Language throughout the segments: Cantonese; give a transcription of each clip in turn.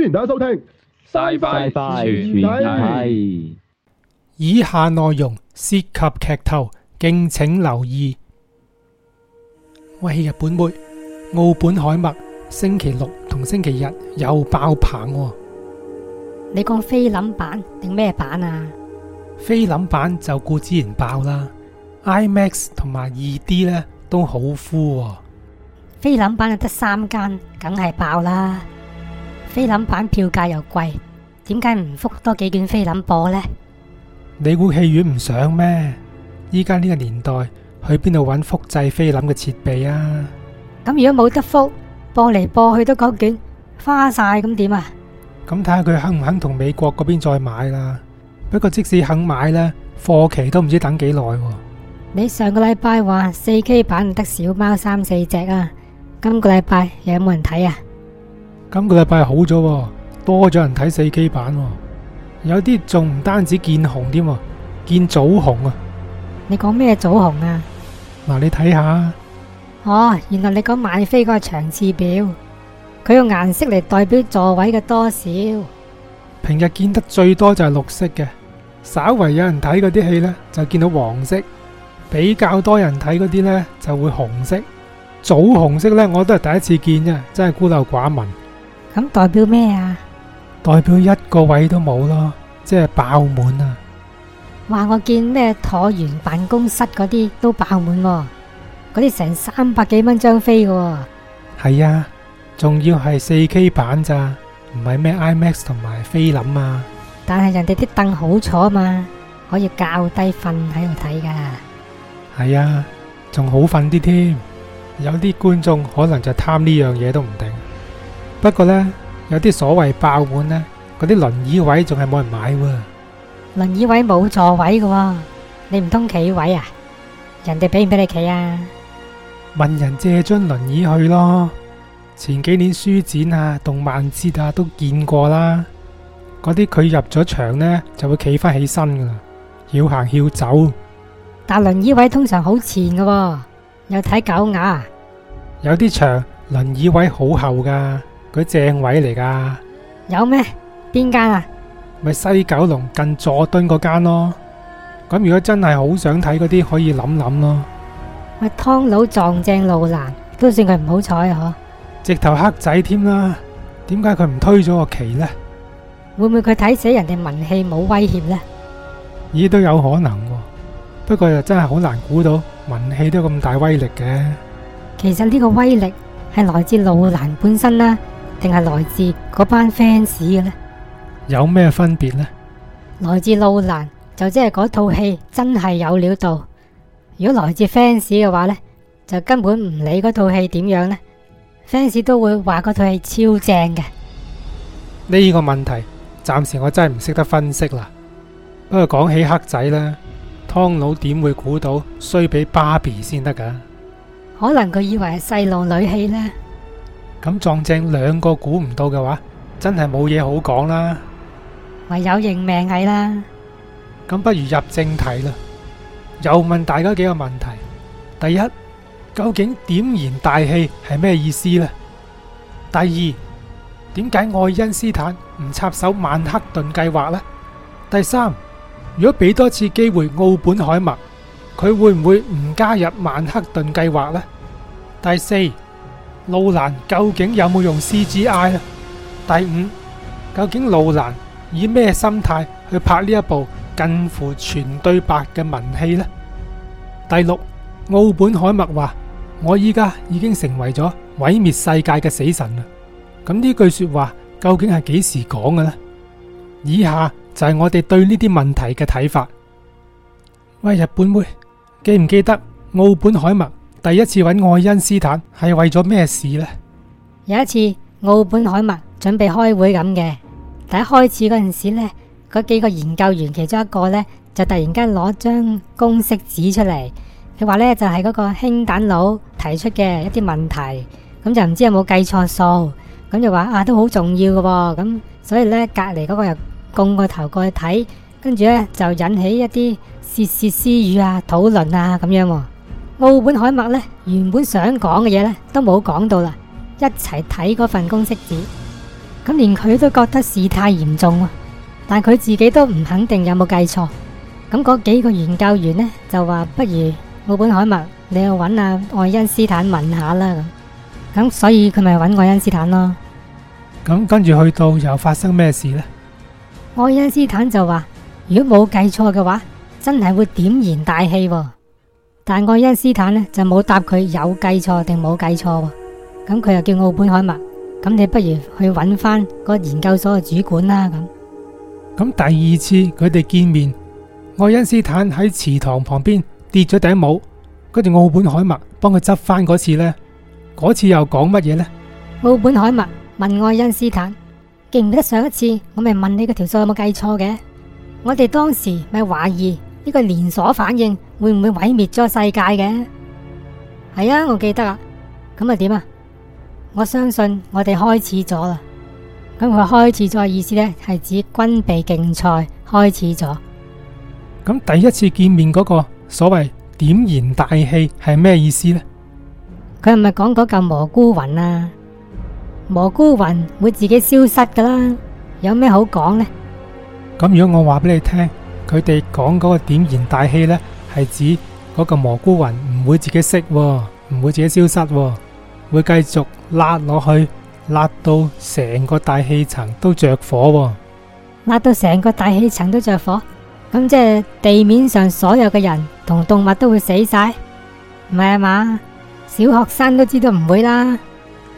歡迎大家收聽，拜拜拜拜。以下內容涉及劇透，敬請留意。喂，日本妹，奧本海默星期六同星期日又爆棚啊。你講菲林版定咩版啊？菲林版就固之然爆啦，IMAX 同埋二 D 呢都好 full 啊。菲林版就得三間，梗係爆啦。菲林版票價又貴，點解唔複多幾卷菲林播咧？你估戲院唔上咩？依家呢個年代，去邊度搵複製菲林嘅設備啊？咁如果冇得複，播嚟播去都九卷，花晒咁點啊？咁睇下佢肯唔肯同美國嗰邊再買啦。不過即使肯買咧，貨期都唔知等幾耐。你上個禮拜話 4K 版唔得，小貓三四隻啊，今個禮拜又有冇人睇啊？今個禮拜好咗，多咗人睇 4K 版，有啲仲唔單止見紅添，見棗紅啊！你講咩棗紅啊？嗱、啊，你睇下哦。原來你講買飛嗰個場次表，佢用顏色嚟代表座位嘅多少。平日見得最多就係綠色嘅，稍為有人睇嗰啲戲呢，就見到黃色，比較多人睇嗰啲呢，就會紅色，棗紅色呢，我都係第一次見啫，真係孤陋寡聞。咁代表咩啊？代表一個位都冇咯，即係爆滿啊！話我見咩橢圓辦公室嗰啲都爆滿，嗰啲成三百幾蚊張飛嘅。係啊，仲要係四 K 版咋，唔係咩 IMAX 同埋菲林啊？但係人哋啲凳好坐啊嘛，可以較低瞓喺度睇噶。係啊，仲好瞓啲添。有啲觀眾可能就貪呢樣嘢都唔定。不過呢，有啲所謂爆滿呢，嗰啲輪椅位仲係冇人買喎。輪椅位冇座位噶喎，你唔通企位啊？人哋俾唔俾你企啊？問人借張輪椅去咯。前幾年書展啊、動漫節啊都見過啦。嗰啲佢入咗場呢，就會企翻起身噶啦，要行要走。但輪椅位通常好前噶，又睇狗牙。有啲場輪椅位好後噶。佢正位嚟噶，有咩？邊間啊？咪、就是、西九龍近佐敦嗰間咯。咁如果真係好想睇嗰啲，可以諗諗咯。咪湯佬撞正路蘭，都算佢唔好彩啊。直頭黑仔添啦，點解佢唔推咗個旗呢？會唔會佢睇死人哋文氣冇威脅呢？咦都有可能、啊，不過又真係好難估到文氣都咁大威力嘅。其實呢個威力係來自路蘭本身啦、啊。定係來自嗰班 fans 嘅呢？有咩分別呢？來自路蘭就即係嗰套戲真係有料到。如果來自 fans 嘅話呢，就根本唔理嗰套戲點樣呢。fans 都會話嗰套戲超正嘅。呢個問題暫時我真係唔識得分析啦。不過講起黑仔呢，湯佬點會估到衰俾芭比先得噶？可能佢以為係細路女戲呢。咁撞正兩個估唔到嘅話，真係冇嘢好講啦，唯有認命係啦。咁不如入正題啦，又問大家幾個問題：第一，究竟點燃大氣係咩意思呢？第二，點解愛因斯坦唔插手曼克頓計劃呢？第三，如果俾多次機會奧本海默，佢會唔會唔加入曼克頓計劃呢？第四？路蘭究竟有冇用 CGI 啊？第五，究竟路蘭以咩心態去拍呢一部近乎全對白嘅文戲呢？第六，奧本海默話：我依家已經成為咗毀滅世界嘅死神啦。咁呢句說話究竟係幾時講嘅呢？以下就係我哋對呢啲問題嘅睇法。喂，日本妹，記唔記得奧本海默？第一次搵愛因斯坦係為咗咩事呢？有一次，奧本海默準備開會咁嘅，第一開始嗰陣時呢，嗰幾個研究員其中一個呢，就突然間攞張公式紙出嚟，佢話呢，就係、是、嗰個氫彈佬提出嘅一啲問題，咁就唔知有冇計錯數，咁就話啊都好重要嘅噃，咁所以呢，隔籬嗰個又拱個頭過去睇，跟住呢，就引起一啲竊竊私語啊、討論啊咁樣啊。奧本海默呢，原本想講嘅嘢呢，都冇講到啦。一齊睇嗰份公式紙，咁連佢都覺得事態嚴重，啊，但佢自己都唔肯定有冇計錯。咁嗰幾個研究員呢，就話，不如奧本海默，你去搵阿、啊、愛因斯坦問下啦。咁，咁所以佢咪搵愛因斯坦咯。咁跟住去到又發生咩事呢？愛因斯坦就話，如果冇計錯嘅話，真係會點燃大氣，啊。但愛因斯坦咧就冇答佢有計錯定冇計錯，咁佢又叫奧本海默，咁你不如去揾翻個研究所嘅主管啦咁。咁第二次佢哋見面，愛因斯坦喺池塘旁邊跌咗頂帽，跟住奧本海默幫佢執翻嗰次、次呢，嗰次又講乜嘢呢？奧本海默問愛因斯坦，記唔記得上一次我咪問你個條數有冇計錯嘅？我哋當時咪懷疑。呢、這個連鎖反應會唔會毀滅咗世界嘅？係啊，我記得啊。咁啊點啊？我相信我哋開始咗啦。咁佢開始咗意思呢，係指軍備競賽開始咗。咁第一次見面嗰個所謂點燃大氣係咩意思呢？佢係咪講嗰嚿蘑菇雲啊？蘑菇雲會自己消失噶啦，有咩好講呢？咁如果我話俾你聽？佢哋講嗰個點燃大氣呢，係指嗰個蘑菇雲唔會自己熄，唔會自己消失，會繼續拉落去，拉到成個大氣層都着火，拉到成個大氣層都着火，咁即係地面上所有嘅人同動物都會死晒，唔係呀嘛？小學生都知道唔會啦，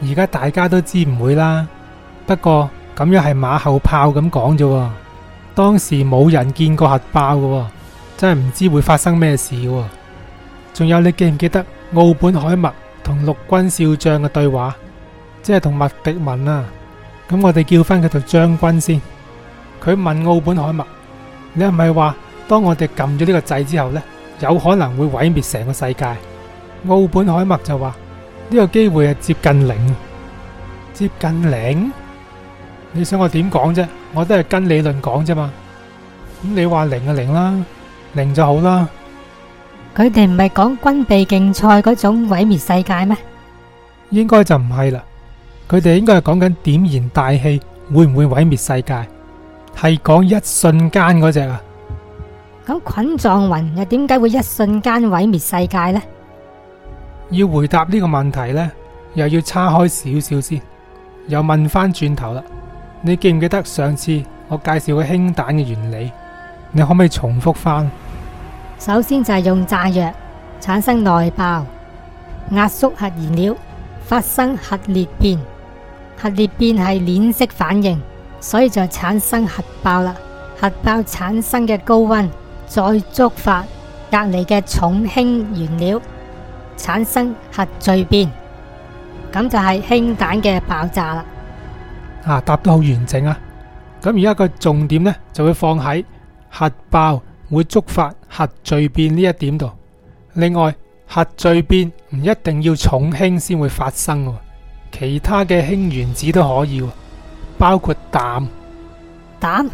而家大家都知唔會啦，不過咁樣係馬後炮咁講啫。當時冇人見過核爆嘅，真係唔知會發生咩事。仲有你記唔記得奧本海默同陸軍少將嘅對話？即係同麥迪文啊。咁我哋叫翻佢做將軍先。佢問奧本海默，你係咪話當我哋撳咗呢個掣之後呢，有可能會毀滅成個世界？奧本海默就話：呢個機會係接近零，接近零。你想我點講啫？我都係跟理論講啫嘛。咁你話零啊零啦，零就好啦。佢哋唔係講軍備競賽嗰種毀滅世界咩？應該就唔係啦。佢哋應該係講緊點燃大氣會唔會毀滅世界？係講一瞬間嗰隻啊。咁菌狀雲又點解會一瞬間毀滅世界呢？要回答呢個問題呢，又要叉開少少先，又問翻轉頭啦。你記唔記得上次我介紹嘅氫彈嘅原理？你可唔可以重複翻？首先就係用炸藥產生內爆，壓縮核燃料，發生核裂變。核裂變係鏈式反應，所以就產生核爆啦。核爆產生嘅高温再觸發隔籬嘅重氫原料，產生核聚變，咁就係氫彈嘅爆炸啦。啊，答得好完整啊！咁而家個重點呢，就會放喺核爆會觸發核聚變呢一點度。另外，核聚變唔一定要重氫先會發生嘅，其他嘅輕原子都可以，包括氮。氮？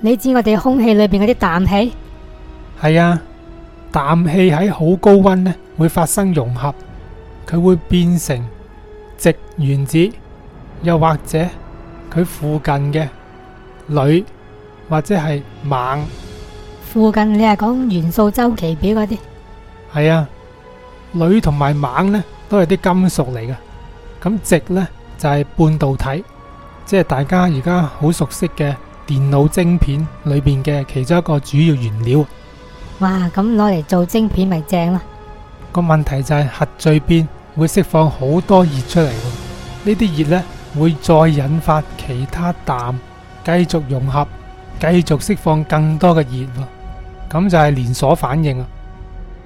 你知我哋空氣裏邊嗰啲氮氣？係啊，氮氣喺好高溫呢，會發生融合，佢會變成直原子，又或者。佢附近嘅鋁或者係錳，附近你係講元素周期表嗰啲？係啊，鋁同埋錳呢，都係啲金屬嚟嘅，咁直呢，就係半導體，即係大家而家好熟悉嘅電腦晶片裏邊嘅其中一個主要原料。哇，咁攞嚟做晶片咪正咯。個問題就係核聚變會釋放好多熱出嚟，呢啲熱呢。會再引發其他氮繼續融合，繼續釋放更多嘅熱，咁就係連鎖反應啊！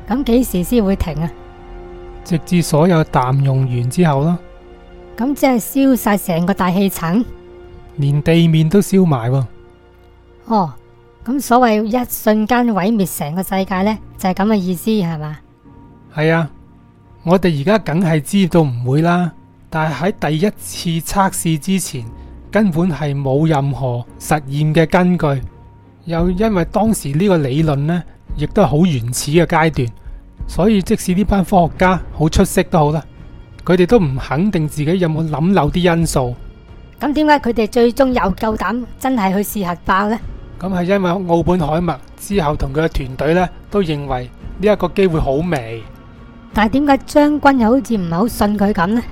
咁幾時先會停啊？直至所有氮用完之後啦。咁即係燒晒成個大氣層，連地面都燒埋喎。哦，咁所謂一瞬間毀滅成個世界呢，就係咁嘅意思係嘛？係啊，我哋而家梗係知道唔會啦。但係喺第一次測試之前，根本係冇任何實驗嘅根據，又因為當時呢個理論咧，亦都係好原始嘅階段，所以即使呢班科學家好出色都好啦，佢哋都唔肯定自己有冇諗漏啲因素。咁點解佢哋最終又夠膽真係去試核爆咧？咁係因為奧本海默之後同佢嘅團隊咧，都認為呢一個機會好微。但係點解將軍又好似唔係好信佢咁咧？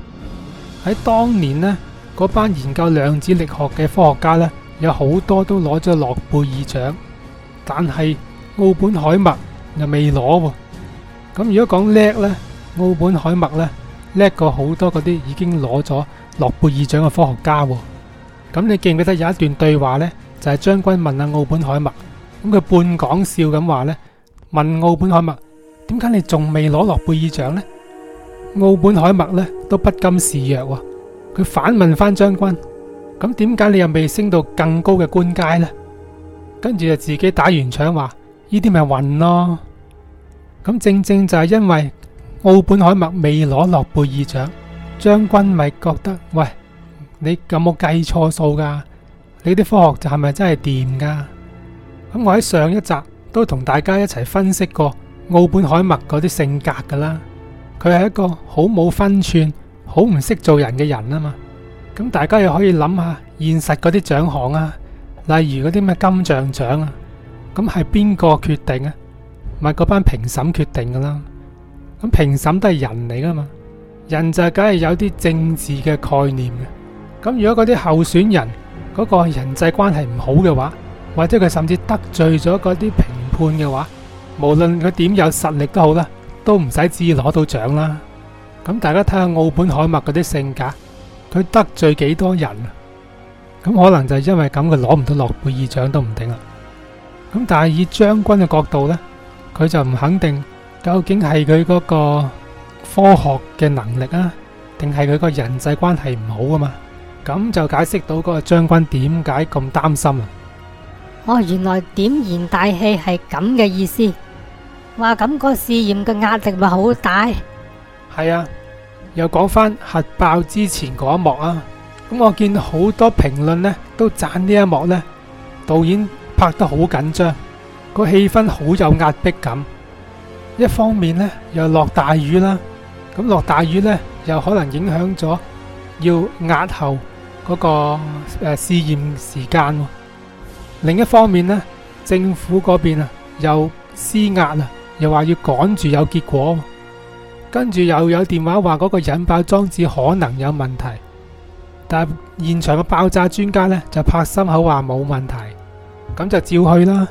喺當年呢，嗰班研究量子力學嘅科學家呢，有好多都攞咗諾貝爾獎，但係奧本海默又未攞喎。咁如果講叻呢，奧本海默呢叻過好多嗰啲已經攞咗諾貝爾獎嘅科學家。咁你記唔記得有一段對話呢？就係將軍問阿奧本海默，咁佢半講笑咁話呢，問奧本海默，點解你仲未攞諾貝爾獎呢？奧本海默呢都不甘示弱，佢反問翻將軍：「咁點解你又未升到更高嘅官階呢？」跟住就自己打完場話：呢啲咪暈咯！咁正正就係因為奧本海默未攞諾貝爾獎，將軍咪覺得：喂，你有冇計錯數噶？你啲科學就係咪真係掂噶？咁我喺上一集都同大家一齊分析過奧本海默嗰啲性格噶啦。佢係一個好冇分寸、好唔識做人嘅人啊嘛！咁大家又可以諗下現實嗰啲獎項啊，例如嗰啲咩金像獎啊，咁係邊個決定啊？咪嗰班評審決定噶啦！咁評審都係人嚟噶嘛，人就梗係有啲政治嘅概念嘅。咁如果嗰啲候選人嗰個人際關係唔好嘅話，或者佢甚至得罪咗嗰啲評判嘅話，無論佢點有實力都好啦。都唔使至攞到獎啦，咁大家睇下奧本海默嗰啲性格，佢得罪幾多人啊？咁可能就係因為咁，佢攞唔到諾貝爾獎都唔定啦。咁但係以將軍嘅角度呢，佢就唔肯定究竟係佢嗰個科學嘅能力啊，定係佢個人際關係唔好啊嘛？咁就解釋到嗰個將軍點解咁擔心啦。哦，原來點燃大氣係咁嘅意思。話咁、嗰個試驗嘅壓力咪好大？係啊，又講返核爆之前嗰一幕啊。咁我見好多評論呢都讚呢一幕呢，導演拍得好緊張，個氣氛好有壓迫感。一方面呢，又落大雨啦，咁落大雨呢，又可能影響咗要押後嗰，嗰個誒試驗時間啊。另一方面呢，政府嗰邊啊又施壓啊。又話要趕住有結果，跟住又有電話話嗰個引爆裝置可能有問題，但係現場嘅爆炸專家咧就拍心口話冇問題，咁就照去啦。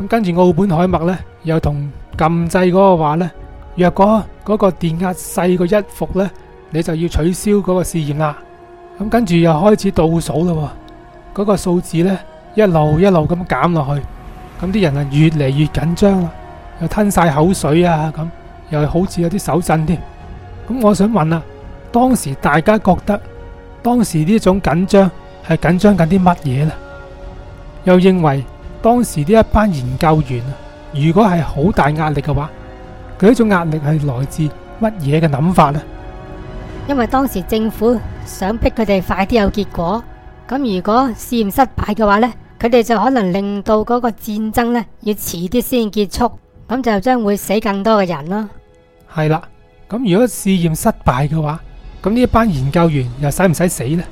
咁跟住奧本海默咧又同撳掣嗰個話咧，若果嗰個電壓細過一伏咧，你就要取消嗰個試驗啦。咁跟住又開始倒數啦，嗰個數字咧一路一路咁減落去，咁啲人啊越嚟越緊張啦。又吞晒口水啊！咁又好似有啲手震添。咁我想問啦、啊，當時大家覺得當時呢一種緊張係緊張緊啲乜嘢呢？又認為當時呢一班研究員啊，如果係好大壓力嘅話，佢一種壓力係來自乜嘢嘅諗法呢？因為當時政府想逼佢哋快啲有結果。咁如果試驗失敗嘅話呢，佢哋就可能令到嗰個戰爭呢要遲啲先結束。咁就將會死更多嘅人咯。係啦，咁如果試驗失敗嘅話，咁呢一班研究員又使唔使死呢？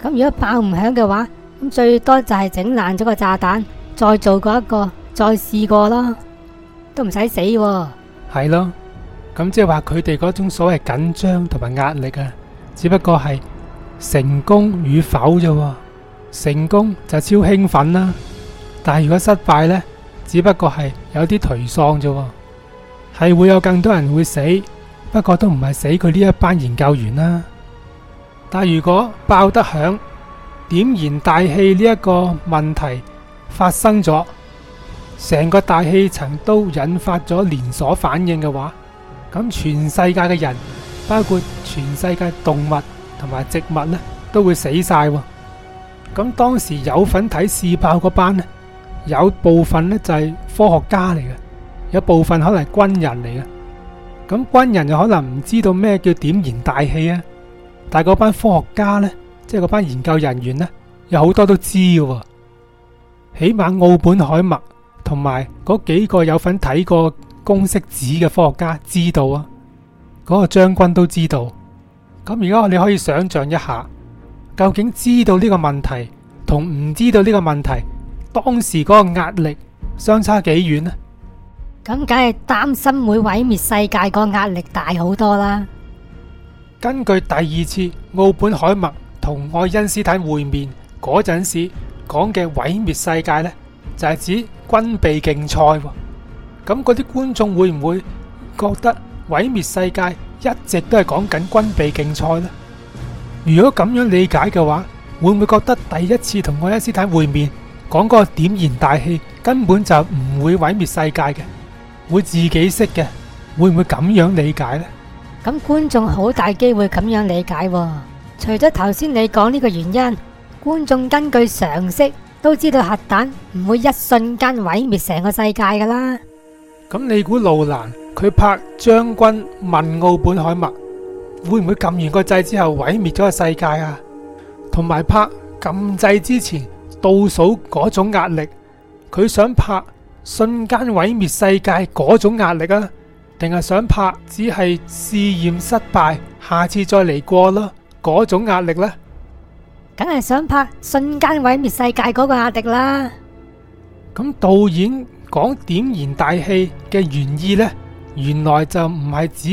咁如果爆唔響嘅話，咁最多就係整爛咗個炸彈，再做過一個，再試過咯，都唔使死。係咯，咁即係話佢哋嗰種所謂緊張同埋壓力啊，只不過係成功與否啫。成功就超興奮啦，但係如果失敗呢？只不過係有啲頹喪啫，係會有更多人會死，不過都唔係死佢呢一班研究員啦。但如果爆得響，點燃大氣呢一個問題發生咗，成個大氣層都引發咗連鎖反應嘅話，咁全世界嘅人，包括全世界動物同埋植物呢，都會死晒。咁當時有份睇試爆嗰班呢？有部分咧就係、是、科學家嚟嘅。有部分可能係軍人嚟嘅。咁軍人就可能唔知道咩叫點燃大氣啊，但係嗰班科學家呢，即係嗰班研究人員呢，有好多都知嘅、啊。起碼奧本海默同埋嗰幾個有份睇過公式紙嘅科學家知道啊，嗰、那個將軍都知道。咁而家你可以想象一下，究竟知道呢個問題同唔知道呢個問題？當時嗰個壓力相差幾遠呢？咁梗係擔心會毀滅世界，個壓力大好多啦。根據第二次奧本海默同愛因斯坦會面嗰陣時講嘅毀滅世界呢，就係指軍備競賽。咁嗰啲觀眾會唔會覺得毀滅世界一直都係講緊軍備競賽呢？如果咁樣理解嘅話，會唔會覺得第一次同愛因斯坦會面？講個點燃大氣根本就唔會毀滅世界嘅，會自己熄嘅，會唔會咁樣理解呢？咁觀眾好大機會咁樣理解喎。除咗頭先你講呢個原因，觀眾根據常識都知道核彈唔會一瞬間毀滅成個世界噶啦。咁你估路蘭佢拍將軍問奧本海默，會唔會撳完個掣之後毀滅咗個世界啊？同埋拍撳掣之前。倒數嗰種壓力，佢想拍瞬間毀滅世界嗰種壓力啊，定係想拍只係試驗失敗，下次再嚟過囉，嗰種壓力呢，梗係想拍瞬間毀滅世界嗰個壓力啦。咁導演講點燃大氣嘅原意呢，原來就唔係指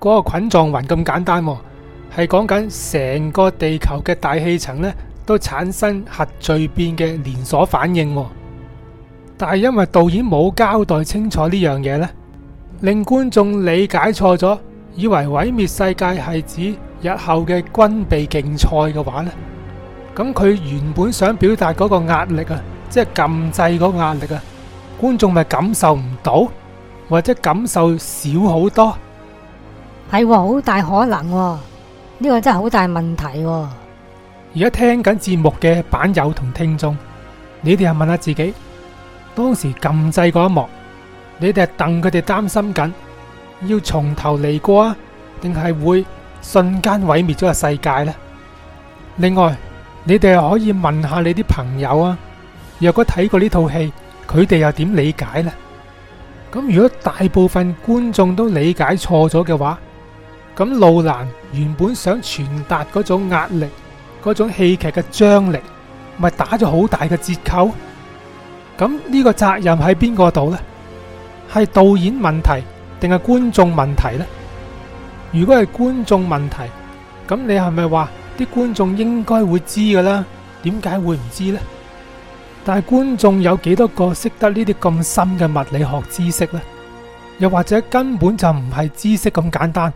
嗰個菌狀雲咁簡單，係講緊成個地球嘅大氣層呢，都產生核聚變嘅連鎖反應，但係因為導演冇交代清楚呢樣嘢呢，令觀眾理解錯咗，以為毀滅世界係指日後嘅軍備競賽嘅話呢，咁佢原本想表達嗰個壓力啊，即係禁制嗰個壓力啊，觀眾咪感受唔到，或者感受少好多，係喎，好大可能喎，呢個真係好大問題喎。而家聽緊節目嘅版友同聽眾，你哋係問下自己，當時撳掣嗰一幕，你哋係戥佢哋擔心緊，要從頭嚟過啊，定係會瞬間毀滅咗個世界呢？另外，你哋又可以問下你啲朋友啊，若果睇過呢套戲，佢哋又點理解呢？咁如果大部分觀眾都理解錯咗嘅話，咁路蘭原本想傳達嗰種壓力。嗰種戲劇嘅張力，咪打咗好大嘅折扣。咁呢個責任喺邊個度呢？係導演問題定係觀眾問題呢？如果係觀眾問題，咁你係咪話啲觀眾應該會知噶啦？點解會唔知呢？但係觀眾有幾多個識得呢啲咁深嘅物理學知識呢？又或者根本就唔係知識咁簡單？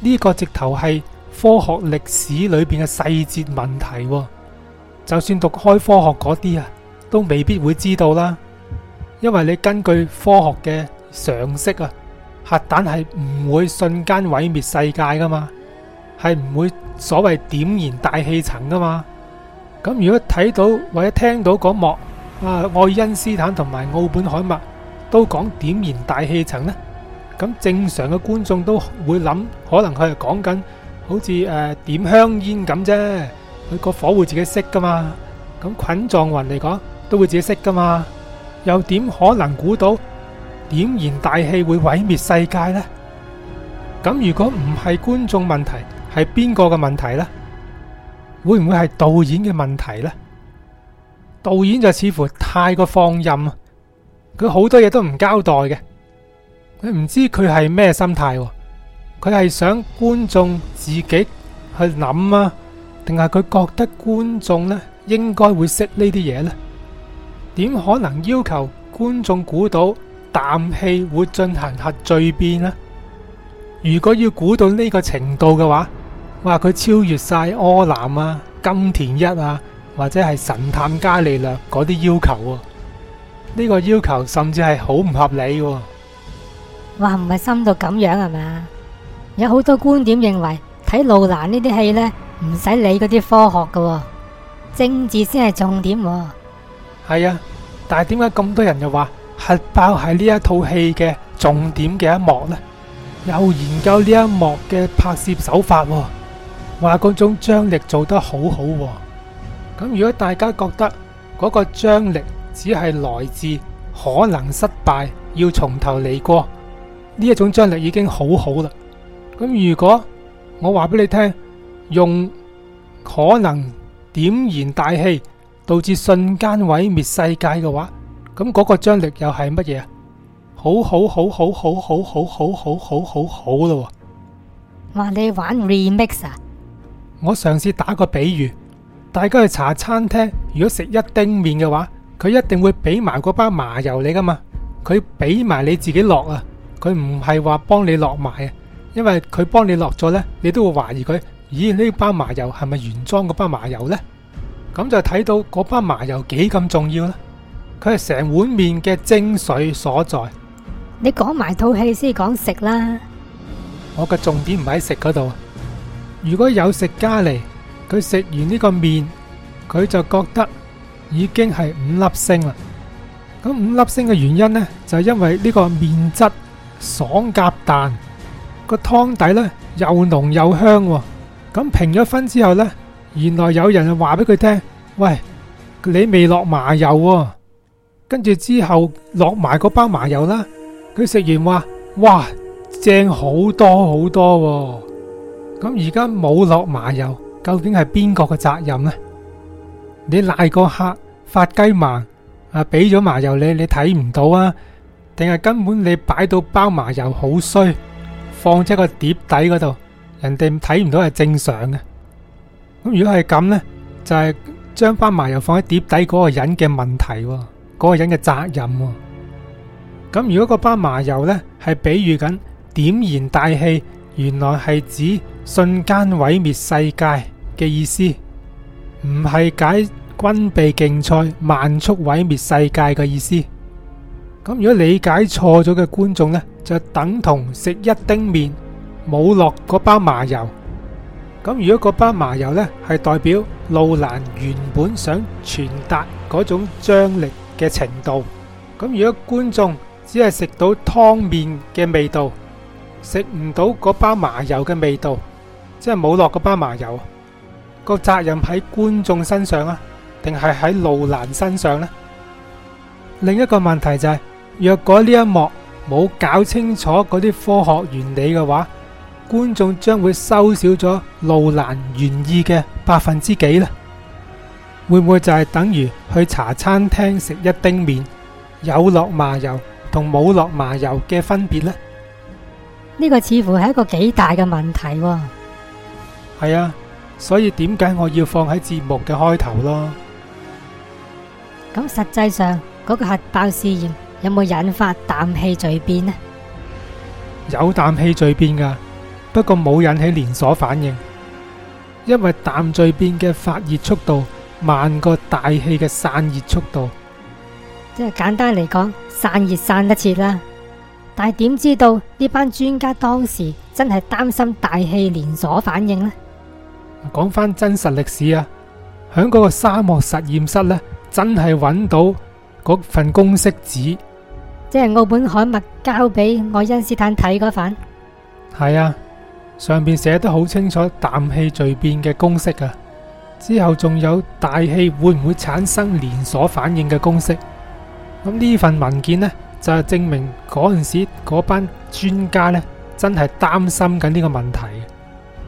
呢個直頭係。科學歷史裏邊嘅細節問題，就算讀開科學嗰啲啊，都未必會知道啦。因為你根據科學嘅常識啊，核彈係唔會瞬間毀滅世界噶嘛，係唔會所謂點燃大氣層噶嘛。咁如果睇到或者聽到嗰幕啊，愛因斯坦同埋奧本海默都講點燃大氣層呢，咁正常嘅觀眾都會諗，可能佢係講緊。好似誒點香煙咁啫，佢個火會自己熄噶嘛？咁菌狀雲嚟講都會自己熄噶嘛？又點可能估到點燃大氣會毀滅世界呢？咁如果唔係觀眾問題，係邊個嘅問題呢？會唔會係導演嘅問題呢？導演就似乎太過放任，佢好多嘢都唔交代嘅，佢唔知佢係咩心態。佢係想觀眾自己去諗啊，定係佢覺得觀眾咧應該會識呢啲嘢呢？點可能要求觀眾估到氮氣會進行核聚變咧？如果要估到呢個程度嘅話，話佢超越晒柯南啊、金田一啊，或者係神探伽利略嗰啲要求？呢個要求甚至係好唔合理嘅。哇，唔係深到咁樣係嘛？是有好多觀點認為睇路蘭呢啲戲呢，唔使理嗰啲科學嘅、喎、政治先係重點、喎。係啊，但係點解咁多人又話核爆係呢一套戲嘅重點嘅一幕呢？有研究呢一幕嘅拍攝手法、喎，話嗰種張力做得好好、喎。咁如果大家覺得嗰個張力只係來自可能失敗要從頭嚟過呢一種張力，已經好好啦。咁如果我話俾你聽，用可能點燃大氣，導致瞬間毀滅世界嘅話，咁嗰個張力又係乜嘢？好好好好好好好好好好好啦，話你玩 remix 啊？我嘗試打個比喻，大家去茶餐廳，如果食一丁麵嘅話，佢一定會俾埋嗰包麻油你噶嘛？佢俾埋你自己落啊，佢唔係話幫你落埋啊。因為佢幫你落咗呢，你都會懷疑佢。咦？呢包麻油係咪原裝嗰包麻油呢？咁就睇到嗰包麻油幾咁重要啦。佢係成碗麵嘅精髓所在。你講埋套戲先講食啦。我嘅重點唔喺食嗰度。如果有食家嚟，佢食完呢個麵，佢就覺得已經係五粒星啦。咁五粒星嘅原因呢，就係因為呢個麵質爽夾彈。個湯底咧又濃又香，咁評咗分之後咧，原來有人就話俾佢聽，喂，你未落麻油，跟住之後落埋嗰包麻油啦。佢食完話，哇，正好多好多。咁而家冇落麻油，究竟係邊個嘅責任咧？你賴個客發雞盲啊，俾咗麻油你，你睇唔到啊？定係根本你擺到包麻油好衰？放喺個碟底嗰度，人哋睇唔到係正常嘅。咁如果係咁呢，就係將斑麻油放喺碟底嗰個人嘅問題，嗰個人嘅責任。咁如果個斑麻油呢係比喻緊點燃大氣，原來係指瞬間毀滅世界嘅意思，唔係解軍備競賽慢速毀滅世界嘅意思。咁如果理解錯咗嘅觀眾呢？就等同食一丁麵冇落嗰包麻油。咁如果嗰包麻油咧，係代表路蘭原本想傳達嗰種張力嘅程度，咁如果觀眾只係食到湯麵嘅味道，食唔到嗰包麻油嘅味道，即係冇落嗰包麻油，個責任喺觀眾身上啊，定係喺路蘭身上咧？另一個問題就係若果呢一幕。冇搞清楚嗰啲科學原理嘅話，觀眾將會收少咗路蘭原意嘅百分之幾咧？會唔會就係等於去茶餐廳食一丁麵有落麻油同冇落麻油嘅分別咧？呢個似乎係一個幾大嘅問題。係啊，所以點解我要放喺節目嘅開頭咯？咁實際上嗰個核爆試驗。有冇引發氮氣聚變呢？有氮氣聚變㗎，不過冇引起連鎖反應，因為氮聚變嘅發熱速度慢過大氣嘅散熱速度。即係簡單嚟講，散熱散得切啦。但係點知道呢班專家當時真係擔心大氣連鎖反應呢？講返真實歷史啊，響嗰個沙漠實驗室呢，真係揾到嗰份公式紙。即係奧本海默交俾愛因斯坦睇嗰份，係啊，上面寫得好清楚氮氣聚變嘅公式啊，之後仲有大氣會唔會產生連鎖反應嘅公式。咁呢份文件呢，就係、是、證明嗰陣時嗰班專家呢，真係擔心緊呢個問題。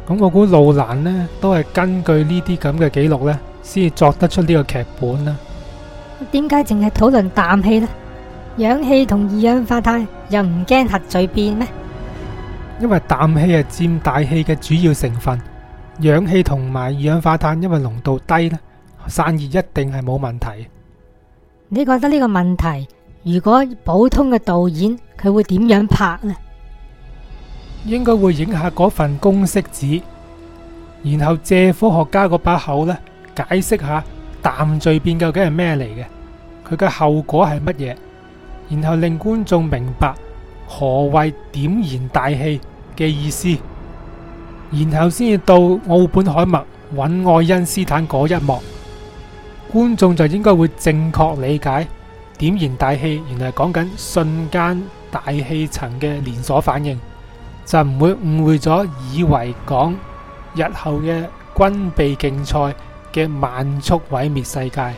咁我估路蘭呢，都係根據呢啲咁嘅記錄呢，先作得出呢個劇本啦、啊。點解淨係討論氮氣呢？氧氣同二氧化碳又唔驚核聚變咩？因為氮氣係佔大氣嘅主要成分，氧氣同埋二氧化碳因為濃度低啦，散熱一定係冇問題。你覺得呢個問題，如果普通嘅導演佢會點樣拍啊？應該會影下嗰份公式紙，然後借科學家嗰把口呢，解釋下氮聚變究竟係咩嚟嘅，佢嘅後果係乜嘢？然後令觀眾明白何謂點燃大氣嘅意思，然後先至到奧本海默搵愛因斯坦嗰一幕，觀眾就應該會正確理解點燃大氣原來講緊瞬間大氣層嘅連鎖反應，就唔會誤會咗以為講日後嘅軍備競賽嘅慢速毀滅世界。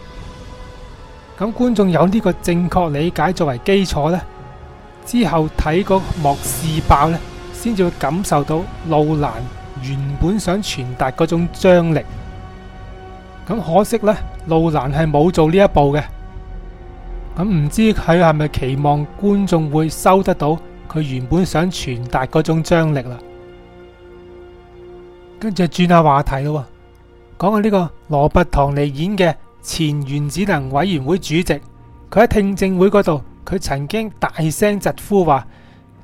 咁觀眾有呢個正確理解作為基礎呢，之後睇個幕試爆呢，先至會感受到路蘭原本想傳達嗰種張力。咁可惜呢，路蘭係冇做呢一步嘅。咁唔知佢係咪期望觀眾會收得到佢原本想傳達嗰種張力啦？跟住轉下話題咯，講下呢個羅拔唐尼演嘅。前原子能委員會主席，佢喺聽證會嗰度，佢曾經大聲疾呼話：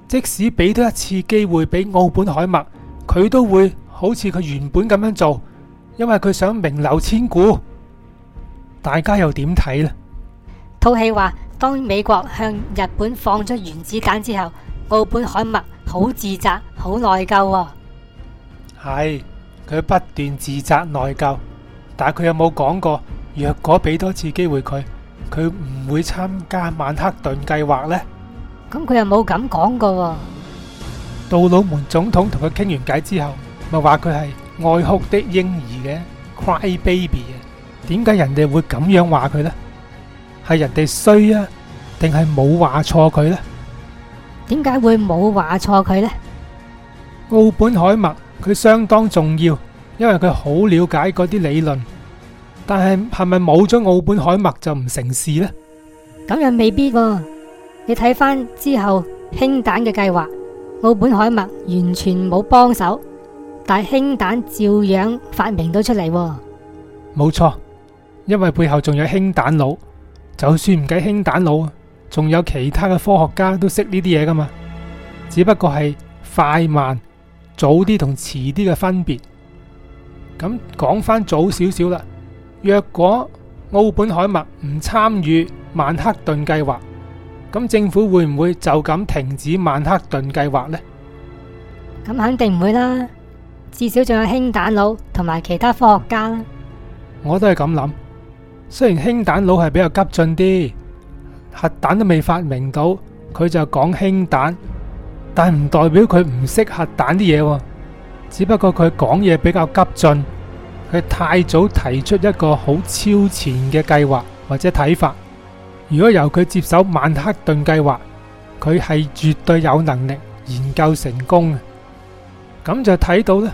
即使俾多一次機會俾奧本海默，佢都會好似佢原本咁樣做，因為佢想名流千古。大家又點睇呢？套戲話，當美國向日本放出原子彈之後，奧本海默好自責，好內疚啊、哦。係佢不斷自責內疚，但係佢有冇講過？若果俾多次機會佢，佢唔會參加曼克頓計劃呢？咁佢又冇咁講過。杜魯門總統同佢傾完偈之後，咪話佢係愛哭的嬰兒嘅 Cry Baby 啊？點解人哋會咁樣話佢呢？係人哋衰啊？定係冇話錯佢呢？點解會冇話錯佢呢？奧本海默佢相當重要，因為佢好了解嗰啲理論。但係係咪冇咗奧本海默就唔成事呢？咁樣未必，你睇翻之後氫彈嘅計劃，奧本海默完全冇幫手，但係氫彈照樣發明到出嚟。冇錯，因為背後仲有氫彈佬，就算唔計氫彈佬，仲有其他嘅科學家都識呢啲嘢噶嘛。只不過係快慢，早啲同遲啲嘅分別。咁講翻早少少啦。若果奧本海默唔參與曼克頓計劃,咁政府會唔會就咁停止佢太早提出一個好超前嘅計劃或者睇法。如果由佢接手曼克頓計劃，佢係絕對有能力研究成功嘅。咁就睇到咧，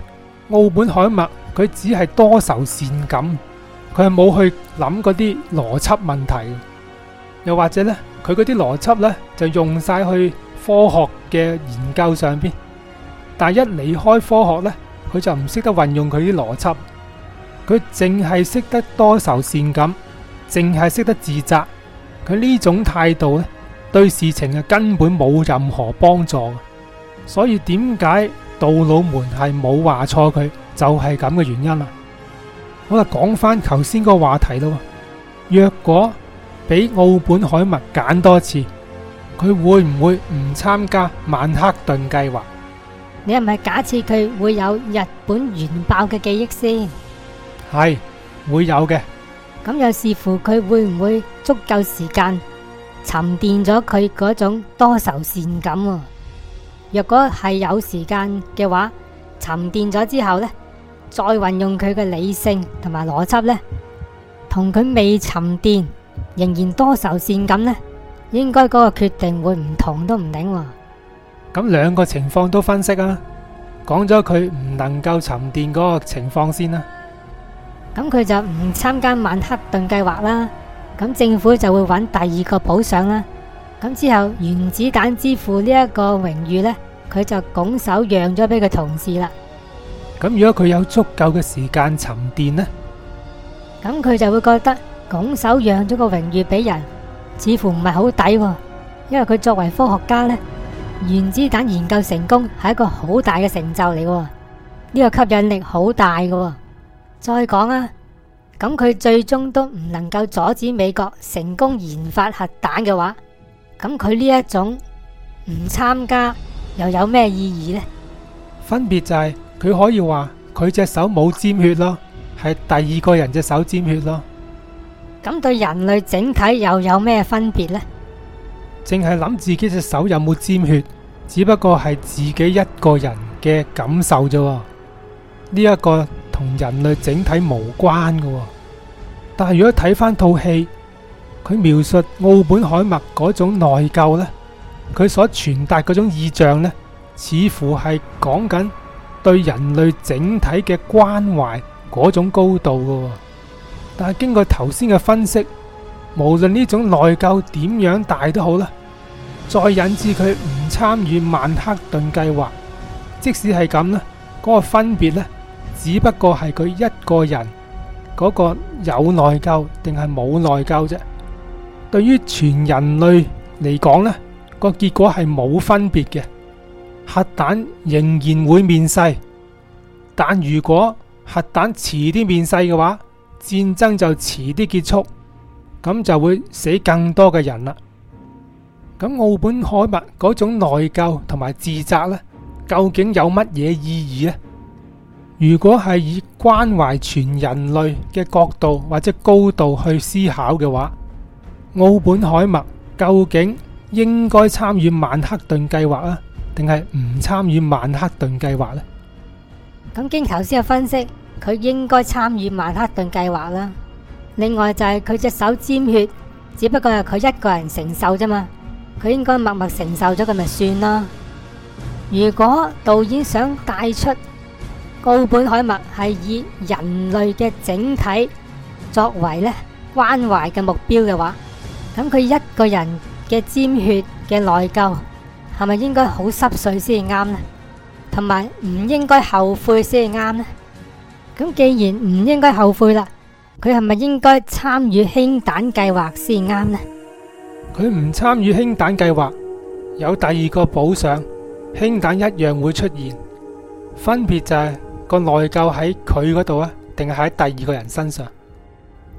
奧本海默佢只係多愁善感，佢係冇去諗嗰啲邏輯問題，又或者呢，佢嗰啲邏輯呢就用晒去科學嘅研究上邊，但一離開科學呢，佢就唔識得運用佢啲邏輯。佢淨係識得多愁善感，淨係識得自責。佢呢種態度咧，對事情啊根本冇任何幫助。所以點解杜魯門係冇話錯佢就係咁嘅原因啦。我就講翻頭先個話題咯。若果俾奧本海默揀多次，佢會唔會唔參加曼克頓計劃？你係咪假設佢會有日本原爆嘅記憶先？係會有嘅，咁又視乎佢會唔會足夠時間沉澱咗佢嗰種多愁善感喎。若果係有時間嘅話，沉澱咗之後呢，再運用佢嘅理性同埋邏輯呢，同佢未沉澱仍然多愁善感呢，應該嗰個決定會唔同都唔定喎。咁兩個情況都分析啊，講咗佢唔能夠沉澱嗰個情況先啦。咁佢就唔參加曼克頓計劃啦，咁政府就會搵第二個補償啦。咁之後原子彈之父呢一個榮譽呢，佢就拱手讓咗俾佢同事啦。咁如果佢有足夠嘅時間沉澱呢？咁佢就會覺得拱手讓咗個榮譽俾人，似乎唔係好抵，因為佢作為科學家呢，原子彈研究成功係一個好大嘅成就嚟喎、啊，呢、這個吸引力好大嘅、啊。再講啊，咁佢最終都唔能夠阻止美國成功研發核彈嘅話，咁佢呢一種唔參加又有咩意義呢？分別就係佢可以話佢隻手冇沾血咯，係第二個人隻手沾血咯。咁對人類整體又有咩分別呢？淨係諗自己隻手有冇沾血，只不過係自己一個人嘅感受啫。呢一個。同人類整體無關噶但係如果睇翻套戲，佢描述奧本海默嗰種內疚呢，佢所傳達嗰種意象呢，似乎係講緊對人類整體嘅關懷嗰種高度噶。但係經過頭先嘅分析，無論呢種內疚點樣大都好啦，再引致佢唔參與曼克頓計劃，即使係咁咧，嗰、嗰個分別呢。只不過係佢一個人嗰個有內疚定係冇內疚啫。對於全人類嚟講呢個結果係冇分別嘅，核彈仍然會面世。但如果核彈遲啲面世嘅話，戰爭就遲啲結束，咁就會死更多嘅人啦。咁奧本海默嗰種內疚同埋自責呢，究竟有乜嘢意義呢？如果係以關懷全人類嘅角度或者高度去思考嘅話，奧本海默究竟應該參與曼克頓計劃啊，定係唔參與曼克頓計劃呢？咁經頭先嘅分析，佢應該參與曼克頓計劃啦。另外就係佢隻手沾血，只不過係佢一個人承受啫嘛，佢應該默默承受咗佢咪算啦。如果導演想帶出，奧本海默係以人類嘅整體作為咧關懷嘅目標嘅話，咁佢一個人嘅沾血嘅內疚係咪應該好濕碎先啱呢？同埋唔應該後悔先啱呢？咁既然唔應該後悔啦，佢係咪應該參與氫彈計劃先啱呢？佢唔參與氫彈計劃，有第二個補償，氫彈一樣會出現，分別就係。個內疚喺佢嗰度啊，定係喺第二個人身上？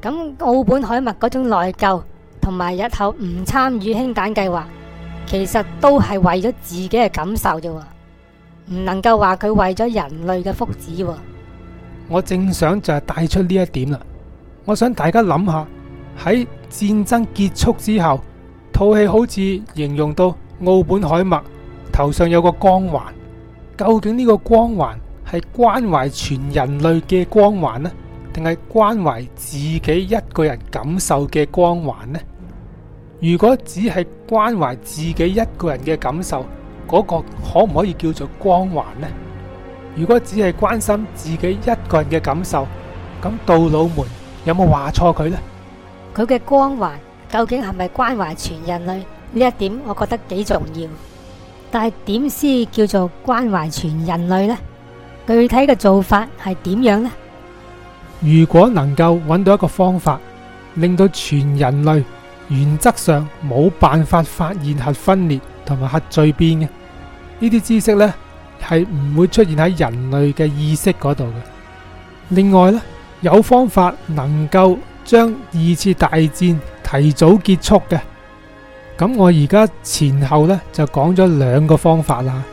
咁奧本海默嗰種內疚，同埋日後唔參與氫彈計劃，其實都係為咗自己嘅感受啫，唔能夠話佢為咗人類嘅福祉。我正想就係帶出呢一點啦。我想大家諗下，喺戰爭結束之後，套戲好似形容到奧本海默頭上有個光環，究竟呢個光環？係關懷全人類嘅光環呢？定係關懷自己一個人感受嘅光環呢？如果只係關懷自己一個人嘅感受，嗰個可唔可以叫做光環呢？如果只係關心自己一個人嘅感受，咁杜魯門有冇話錯佢呢？佢嘅光環究竟係咪關懷全人類呢？呢一點我覺得幾重要，但係點先叫做關懷全人類呢？具體嘅做法係點樣呢？如果能夠揾到一個方法，令到全人類原則上冇辦法發現核分裂同埋核聚變嘅呢啲知識呢，係唔會出現喺人類嘅意識嗰度嘅。另外呢，有方法能夠將二次大戰提早結束嘅。咁我而家前後呢就講咗兩個方法啦。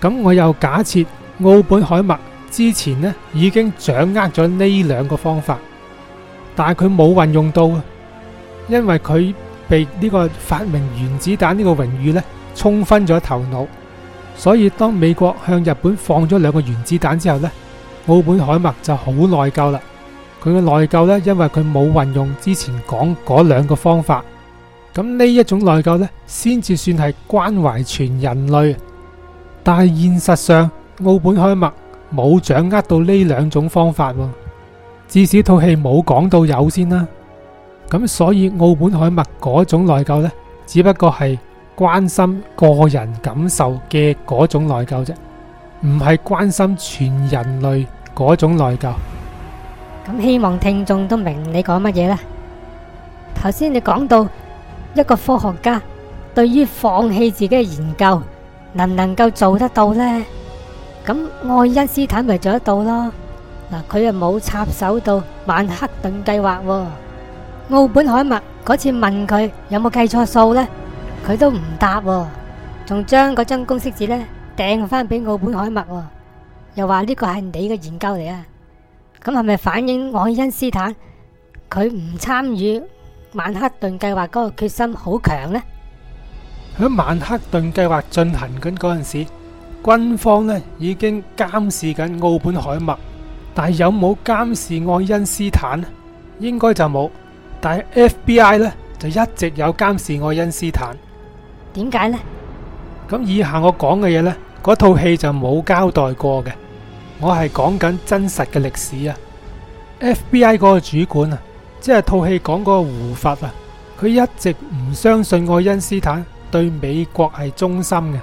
咁我又假設。奧本海默之前呢已經掌握咗呢兩個方法，但係佢冇運用到，啊，因為佢被呢個發明原子彈呢個榮譽呢沖昏咗頭腦，所以當美國向日本放咗兩個原子彈之後呢，奧本海默就好內疚啦。佢嘅內疚呢，因為佢冇運用之前講嗰兩個方法，咁呢一種內疚呢，先至算係關懷全人類，但係現實上。奧本海默冇掌握到呢兩種方法，至少套戲冇講到有先啦。咁所以奧本海默嗰種內疚呢，只不過係關心個人感受嘅嗰種內疚啫，唔係關心全人類嗰種內疚。咁希望聽眾都明你講乜嘢啦。頭先你講到一個科學家對於放棄自己嘅研究，能唔能夠做得到呢？咁愛因斯坦咪做得到咯？嗱，佢又冇插手到曼克頓計劃。奧本海默嗰次問佢有冇計錯數呢？佢都唔答，仲將嗰張公式紙呢掟翻俾奧本海默，又話呢個係你嘅研究嚟啊！咁係咪反映愛因斯坦佢唔參與曼克頓計劃嗰個決心好強呢？喺曼克頓計劃進行緊嗰陣時。軍方呢已經監視緊奧本海默，但係有冇監視愛因斯坦呢？應該就冇。但係 FBI 呢就一直有監視愛因斯坦。點解呢？咁以下我講嘅嘢呢，嗰套戲就冇交代過嘅。我係講緊真實嘅歷史啊。FBI 嗰個主管啊，即係套戲講嗰個胡佛啊，佢一直唔相信愛因斯坦對美國係忠心嘅。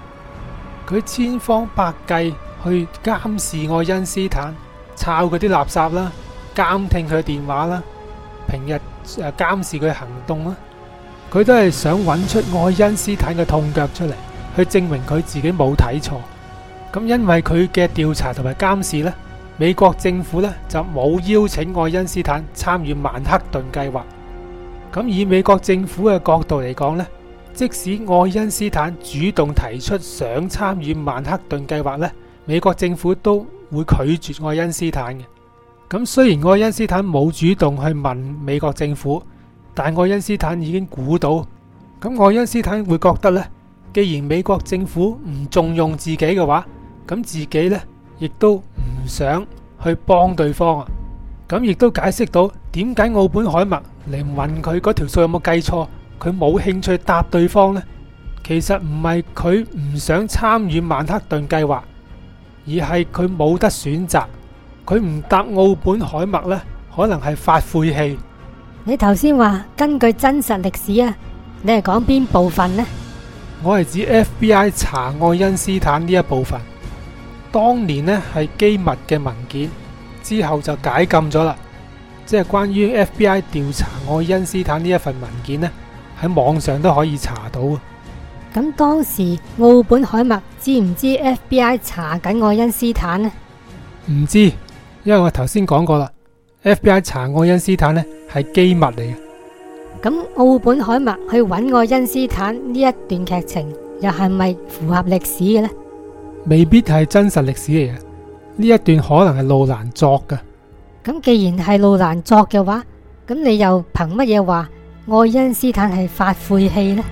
佢千方百計去監視愛因斯坦，抄佢啲垃圾啦，監聽佢嘅電話啦，平日誒監視佢行動啦，佢都係想揾出愛因斯坦嘅痛腳出嚟，去證明佢自己冇睇錯。咁因為佢嘅調查同埋監視呢，美國政府呢就冇邀請愛因斯坦參與曼克頓計劃。咁以美國政府嘅角度嚟講呢。即使愛因斯坦主動提出想參與曼克頓計劃咧，美國政府都會拒絕愛因斯坦嘅。咁雖然愛因斯坦冇主動去問美國政府，但愛因斯坦已經估到。咁愛因斯坦會覺得咧，既然美國政府唔重用自己嘅話，咁自己咧亦都唔想去幫對方啊。咁亦都解釋到點解奧本海默嚟問佢嗰條數有冇計錯。佢冇興趣答對方咧，其實唔係佢唔想參與曼克頓計劃，而係佢冇得選擇。佢唔答奧本海默呢，可能係發晦氣。你頭先話根據真實歷史啊，你係講邊部分呢？我係指 FBI 查愛因斯坦呢一部分，當年呢係機密嘅文件，之後就解禁咗啦。即係關於 FBI 調查愛因斯坦呢一份文件咧。喺網上都可以查到。咁當時奧本海默知唔知 FBI 查緊愛因斯坦呢？唔知，因為我頭先講過啦，FBI 查愛因斯坦呢係機密嚟嘅。咁奧本海默去揾愛因斯坦呢一段劇情，又係咪符合歷史嘅呢？未必係真實歷史嚟嘅，呢一段可能係路蘭作嘅。咁既然係路蘭作嘅話，咁你又憑乜嘢話？愛因斯坦係發晦氣呢？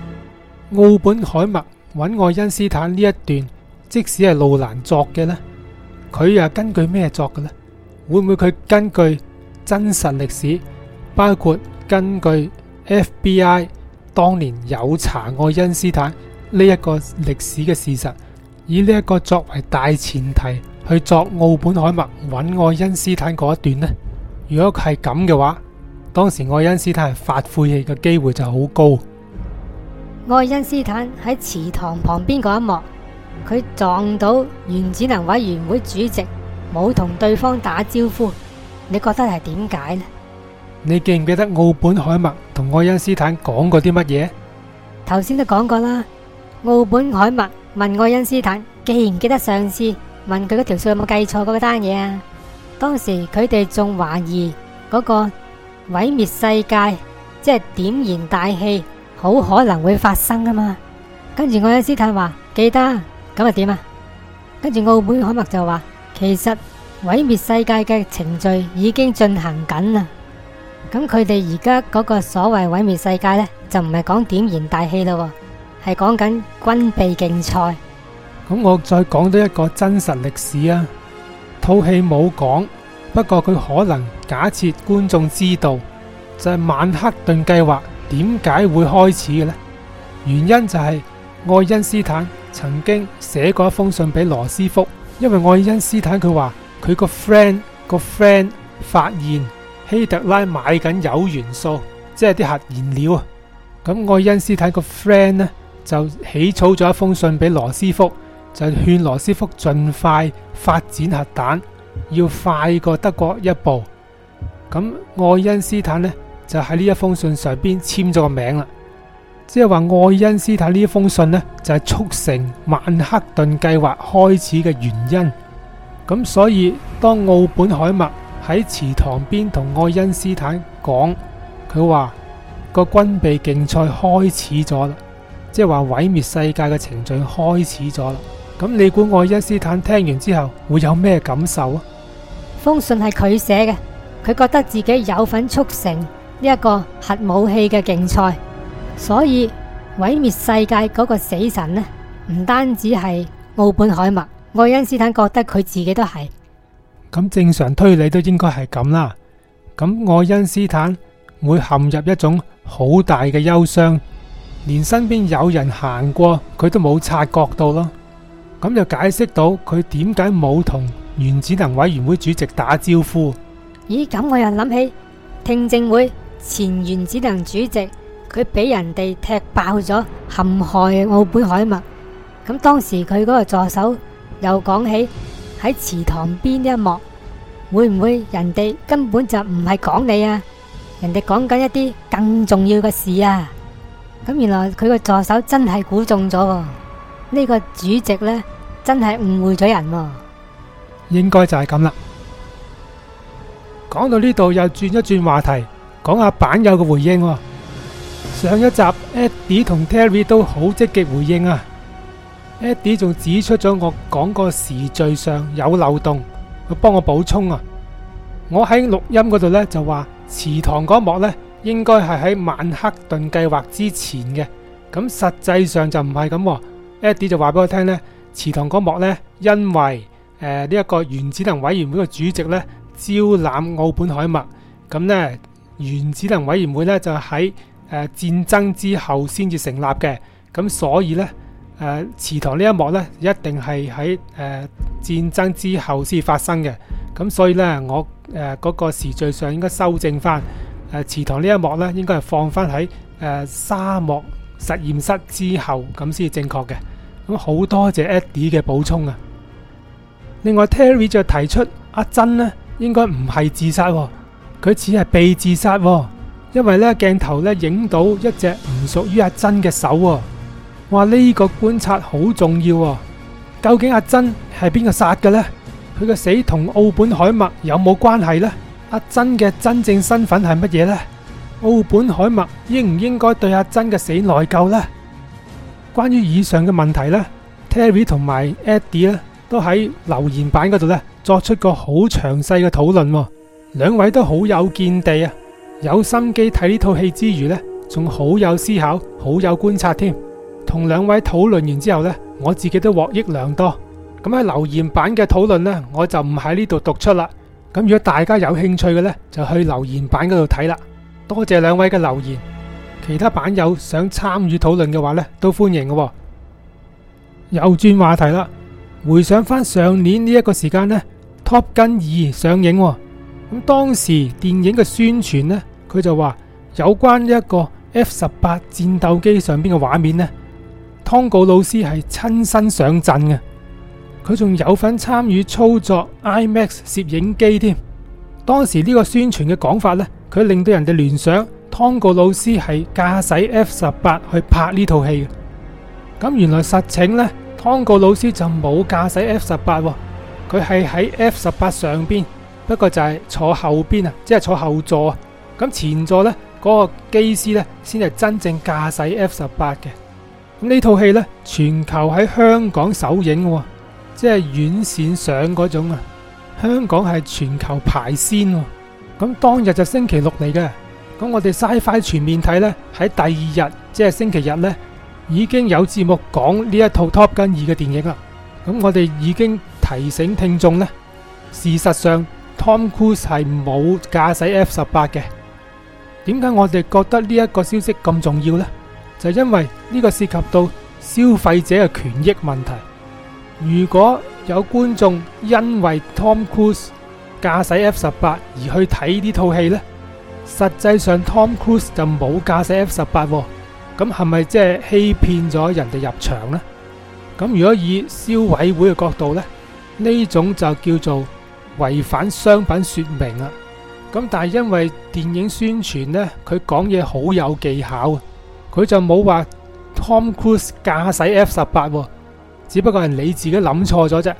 奧本海默揾愛因斯坦呢一段，即使係路蘭作嘅呢，佢又根據咩作嘅呢？會唔會佢根據真實歷史，包括根據 FBI 當年有查愛因斯坦呢一個歷史嘅事實，以呢一個作為大前提去作奧本海默揾愛因斯坦嗰一段呢？如果係咁嘅話？當時愛因斯坦發晦氣嘅機會就好高。愛因斯坦喺池塘旁邊嗰一幕，佢撞到原子能委員會主席，冇同對方打招呼，你覺得係點解咧？你記唔記得奧本海默同愛因斯坦講過啲乜嘢？頭先都講過啦。奧本海默問愛因斯坦，記唔記得上次問佢嗰條數有冇計錯嗰單嘢啊？當時佢哋仲懷疑嗰個。毀滅世界，即係點燃大氣，好可能會發生噶嘛？跟住愛因斯坦話記得，咁又點啊？跟住奧本海默就話，其實毀滅世界嘅程序已經進行緊啦。咁佢哋而家嗰個所謂毀滅世界呢，就唔係講點燃大氣咯，係講緊軍備競賽。咁我再講多一個真實歷史啊，套戲冇講。不過佢可能假設觀眾知道，就係曼克頓計劃點解會開始嘅呢？原因就係愛因斯坦曾經寫過一封信俾羅斯福，因為愛因斯坦佢話佢個 friend 個 friend 發現希特拉買緊鈾元素，即係啲核燃料啊。咁愛因斯坦個 friend 呢，就起草咗一封信俾羅斯福，就勸羅斯福盡快發展核彈。要快過德國一步，咁愛因斯坦呢，就喺呢一封信上邊簽咗個名啦，即係話愛因斯坦呢一封信呢，就係、是、促成曼克頓計劃開始嘅原因，咁所以當奧本海默喺池塘邊同愛因斯坦講，佢話個軍備競賽開始咗啦，即係話毀滅世界嘅程序開始咗啦。咁你估愛因斯坦聽完之後會有咩感受啊？封信係佢寫嘅，佢覺得自己有份促成呢一個核武器嘅競賽，所以毀滅世界嗰個死神呢，唔單止係奧本海默，愛因斯坦覺得佢自己都係咁。正常推理都應該係咁啦。咁愛因斯坦會陷入一種好大嘅憂傷，連身邊有人行過佢都冇察覺到咯。咁就解釋到佢點解冇同原子能委員會主席打招呼？咦，咁我又諗起聽證會前原子能主席，佢俾人哋踢爆咗，陷害奧本海默。咁當時佢嗰個助手又講起喺池塘邊呢一幕，會唔會人哋根本就唔係講你啊？人哋講緊一啲更重要嘅事啊！咁原來佢個助手真係估中咗。呢、這個主席呢，真係誤會咗人、哦，應該就係咁啦。講到呢度又轉一轉話題，講下版友嘅回應、哦。上一集 Eddie 同 Terry 都好積極回應啊。Eddie 仲指出咗我講個時序上有漏洞，佢幫我補充啊。我喺錄音嗰度呢，就話祠堂嗰幕呢，應該係喺曼克頓計劃之前嘅，咁實際上就唔係咁。Eddie 就話俾我聽咧，祠堂嗰幕咧，因為誒呢一個原子能委員會嘅主席咧，招攬奧本海默，咁咧原子能委員會咧就喺、是、誒、呃、戰爭之後先至成立嘅，咁所以咧誒祠堂呢、呃、一幕咧一定係喺誒戰爭之後先發生嘅，咁所以咧我誒嗰、呃那個時序上應該修正翻誒祠堂呢一幕咧應該係放翻喺誒沙漠實驗室之後咁先至正確嘅。好多謝 Eddie 嘅補充啊！另外 Terry 就提出阿珍呢，應該唔係自殺，佢只係被自殺，因為呢鏡頭呢影到一隻唔屬於阿珍嘅手。哇！呢個觀察好重要。究竟阿珍係邊個殺嘅呢？佢嘅死同奧本海默有冇關係呢？阿珍嘅真正身份係乜嘢呢？奧本海默應唔應該對阿珍嘅死內疚呢？關於以上嘅問題呢 Terry 同埋 Eddie 咧都喺留言版嗰度咧作出個好詳細嘅討論，兩位都好有見地啊，有心機睇呢套戲之餘咧，仲好有思考，好有觀察添。同兩位討論完之後呢，我自己都獲益良多。咁喺留言版嘅討論呢，我就唔喺呢度讀出啦。咁如果大家有興趣嘅呢，就去留言版嗰度睇啦。多謝兩位嘅留言。其他版友想參與討論嘅話咧，都歡迎嘅、哦。又轉話題啦，回想翻上年呢一個時間咧，Top Gun 二上映、哦，咁當時電影嘅宣傳呢，佢就話有關呢一個 F 十八戰鬥機上邊嘅畫面呢，湯告老師係親身上陣嘅，佢仲有份參與操作 IMAX 攝影機添。當時呢個宣傳嘅講法呢，佢令到人哋聯想。湯告老師係駕駛 F 十八去拍呢套戲嘅，咁原來實情呢，湯告老師就冇駕駛 F 十八，佢係喺 F 十八上邊，不過就係坐後邊啊，即係坐後座啊。咁前座呢，嗰個機師呢，先係真正駕駛 F 十八嘅。咁呢套戲呢，全球喺香港首映喎，即係遠線上嗰種啊，香港係全球排先喎。咁當日就星期六嚟嘅。咁我哋 SciFi 全面睇咧，喺第二日即係星期日咧，已經有節目講呢一套《Top Gun II》嘅電影啦。咁我哋已經提醒聽眾咧，事實上 Tom Cruise 係冇駕駛 F 十八嘅。點解我哋覺得呢一個消息咁重要咧？就因為呢個涉及到消費者嘅權益問題。如果有觀眾因為 Tom Cruise 駕駛 F 十八而去睇呢套戲咧？實際上 Tom Cruise 就冇駕駛 F 十八，咁係咪即係欺騙咗人哋入場呢？咁如果以消委會嘅角度呢，呢種就叫做違反商品說明啊！咁但係因為電影宣傳呢，佢講嘢好有技巧啊，佢就冇話 Tom Cruise 駕駛 F 十八，只不過係你自己諗錯咗啫。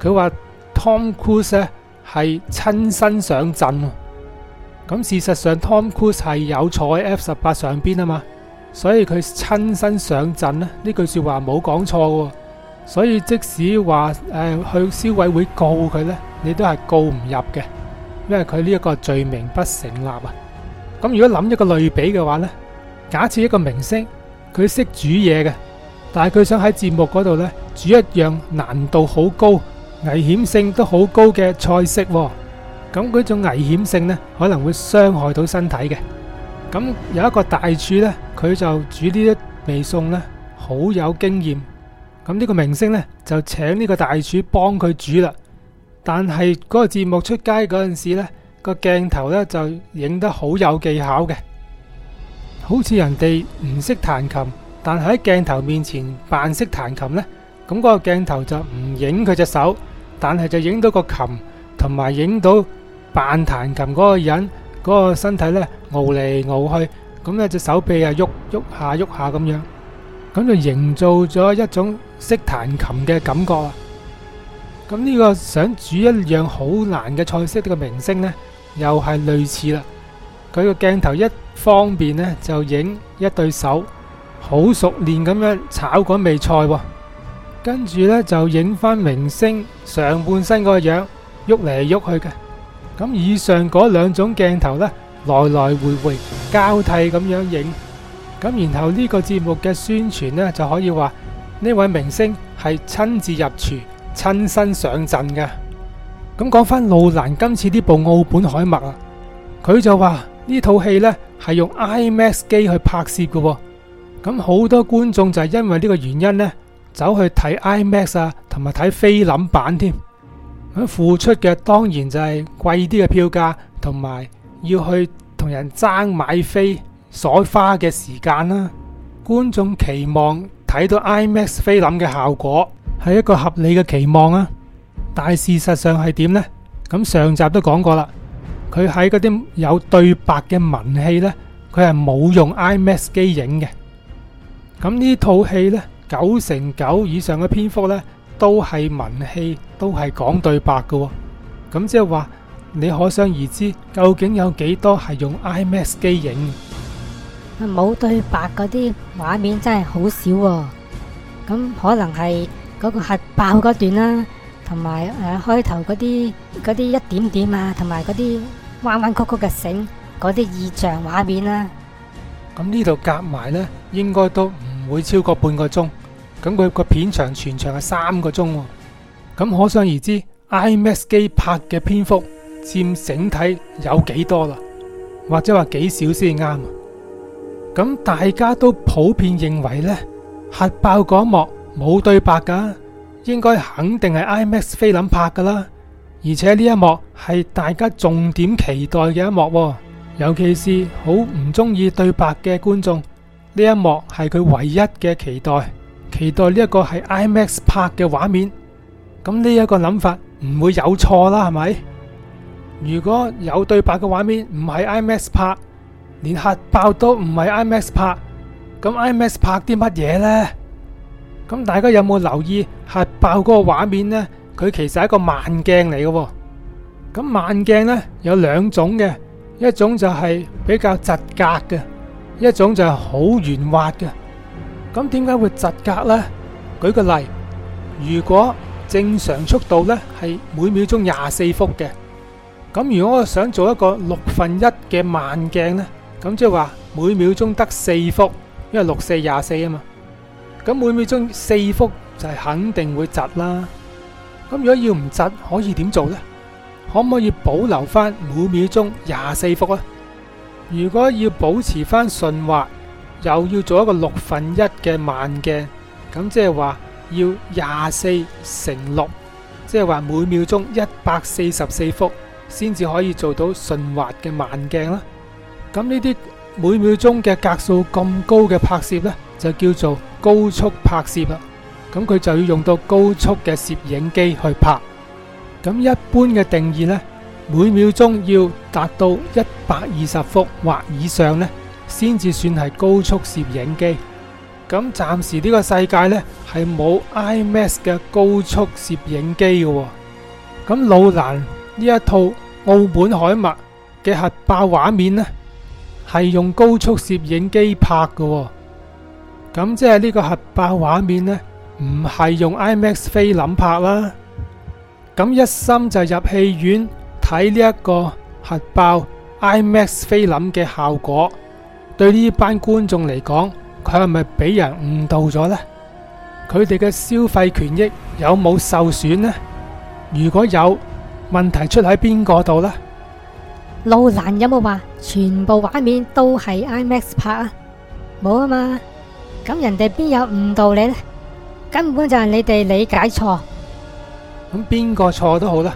佢話 Tom Cruise 呢係親身上陣。咁事實上，Tom Cruise 係有坐喺 F 十八上邊啊嘛，所以佢親身上陣咧，呢句説話冇講錯喎。所以即使話誒、呃、去消委會告佢呢，你都係告唔入嘅，因為佢呢一個罪名不成立啊。咁如果諗一個類比嘅話呢，假設一個明星佢識煮嘢嘅，但係佢想喺節目嗰度呢煮一樣難度好高、危險性都好高嘅菜式喎。咁嗰種危險性咧，可能會傷害到身體嘅。咁有一個大廚咧，佢就煮呢啲味餸咧，好有經驗。咁呢個明星咧，就請呢個大廚幫佢煮啦。但係嗰個節目出街嗰陣時咧，個鏡頭咧就影得好有技巧嘅，好似人哋唔識彈琴，但係喺鏡頭面前扮識彈琴咧。咁嗰個鏡頭就唔影佢隻手，但係就影到個琴同埋影到。扮彈琴嗰個人嗰個身體咧，搖嚟搖去，咁咧隻手臂啊，喐喐下喐下咁樣，咁就營造咗一種識彈琴嘅感覺。咁呢個想煮一樣好難嘅菜式嘅明星咧，又係類似啦。佢個鏡頭一方面咧，就影一對手好熟練咁樣炒嗰味菜喎，跟住咧就影返明星上半身嗰個樣，喐嚟喐去嘅。咁以上嗰兩種鏡頭咧，來來回回交替咁樣影，咁然後呢個節目嘅宣傳咧就可以話呢位明星係親自入廚、親身上陣嘅。咁講翻路蘭今次呢部《奧本海默》啊，佢就話呢套戲咧係用 IMAX 機去拍攝噶，咁好多觀眾就係因為呢個原因咧走去睇 IMAX 啊，同埋睇菲林版添。付出嘅當然就係貴啲嘅票價，同埋要去同人爭買飛，所花嘅時間啦。觀眾期望睇到 IMAX 菲林嘅效果係一個合理嘅期望啊，但事實上係點呢？咁上集都講過啦，佢喺嗰啲有對白嘅文戲呢，佢係冇用 IMAX 機影嘅。咁呢套戲呢，九成九以上嘅篇幅呢，都係文戲，都係講對白嘅，咁即係話你可想而知，究竟有幾多係用 IMAX 機影？冇對白嗰啲畫面真係好少，咁可能係嗰個核爆嗰段啦，同埋誒開頭嗰啲嗰啲一點點啊，同埋嗰啲彎彎曲曲嘅繩嗰啲異像畫面啦。咁呢度夾埋呢，應該都唔會超過半個鐘。咁佢個片長全場係三個鐘，咁可想而知，IMAX 機拍嘅篇幅佔整體有幾多啦？或者話幾少先啱？咁大家都普遍認為呢，核爆嗰一幕冇對白噶，應該肯定係 IMAX 菲林拍噶啦。而且呢一幕係大家重點期待嘅一幕，啊，尤其是好唔中意對白嘅觀眾，呢一幕係佢唯一嘅期待。期待呢一個係 IMAX 拍嘅畫面，咁呢一個諗法唔會有錯啦，係咪？如果有對白嘅畫面唔係 IMAX 拍，連核爆都唔係 IMAX 拍，咁 IMAX 拍啲乜嘢呢？咁大家有冇留意核爆嗰個畫面呢？佢其實係一個慢鏡嚟嘅，咁慢鏡呢，有兩種嘅，一種就係比較窒格嘅，一種就係好圓滑嘅。咁點解會窒格呢？舉個例，如果正常速度呢係每秒鐘廿四幅嘅，咁如果我想做一個六分一嘅慢鏡呢，咁即係話每秒鐘得四幅，因為六四廿四啊嘛。咁每秒鐘四幅就係肯定會窒啦。咁如果要唔窒，可以點做呢？可唔可以保留翻每秒鐘廿四幅啊？如果要保持翻順滑？又要做一個六分一嘅慢鏡，咁即係話要廿四乘六，即係話每秒鐘一百四十四幅，先至可以做到順滑嘅慢鏡啦。咁呢啲每秒鐘嘅格數咁高嘅拍攝呢，就叫做高速拍攝啦。咁佢就要用到高速嘅攝影機去拍。咁一般嘅定義呢，每秒鐘要達到一百二十幅或以上呢。先至算係高速攝影機。咁，暫時呢個世界呢係冇 IMAX 嘅高速攝影機嘅。咁老蘭呢一套奧本海默嘅核爆畫面呢係用高速攝影機拍嘅，咁即係呢個核爆畫面呢唔係用 IMAX 菲林拍啦。咁一心就入戲院睇呢一個核爆 IMAX 菲林嘅效果。對呢班觀眾嚟講，佢係咪俾人誤導咗呢？佢哋嘅消費權益有冇受損呢？如果有，問題出喺邊個度呢？路蘭有冇話全部畫面都係 IMAX 拍啊？冇啊嘛，咁人哋邊有誤導你呢？根本就係你哋理解錯。咁邊個錯都好啦，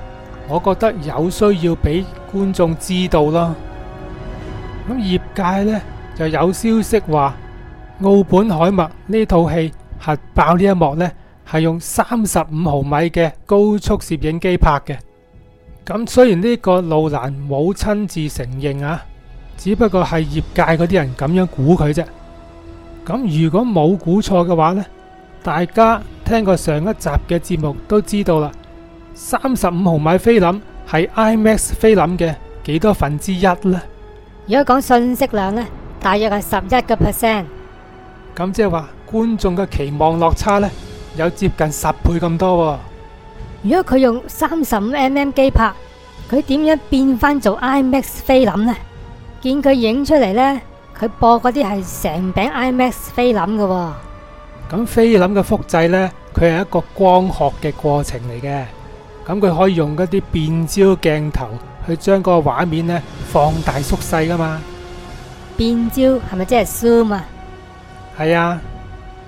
我覺得有需要俾觀眾知道咯。咁業界呢？就有消息話，奧本海默呢套戲核爆呢一幕呢，係用三十五毫米嘅高速攝影機拍嘅。咁雖然呢個路蘭冇親自承認啊，只不過係業界嗰啲人咁樣估佢啫。咁如果冇估錯嘅話呢，大家聽過上一集嘅節目都知道啦，三十五毫米菲林係 IMAX 菲林嘅幾多分之一呢？如果講信息量呢？大約係十一個 percent，咁即係話觀眾嘅期望落差呢，有接近十倍咁多喎。如果佢用三十五 mm 機拍，佢點樣變返做 IMAX 菲林呢？見佢影出嚟呢，佢播嗰啲係成餅 IMAX 菲林㗎喎。咁菲林嘅複製呢，佢係一個光學嘅過程嚟嘅。咁佢可以用一啲變焦鏡頭去將個畫面呢，放大縮細㗎嘛。變焦係咪即係 zoom 啊？係啊，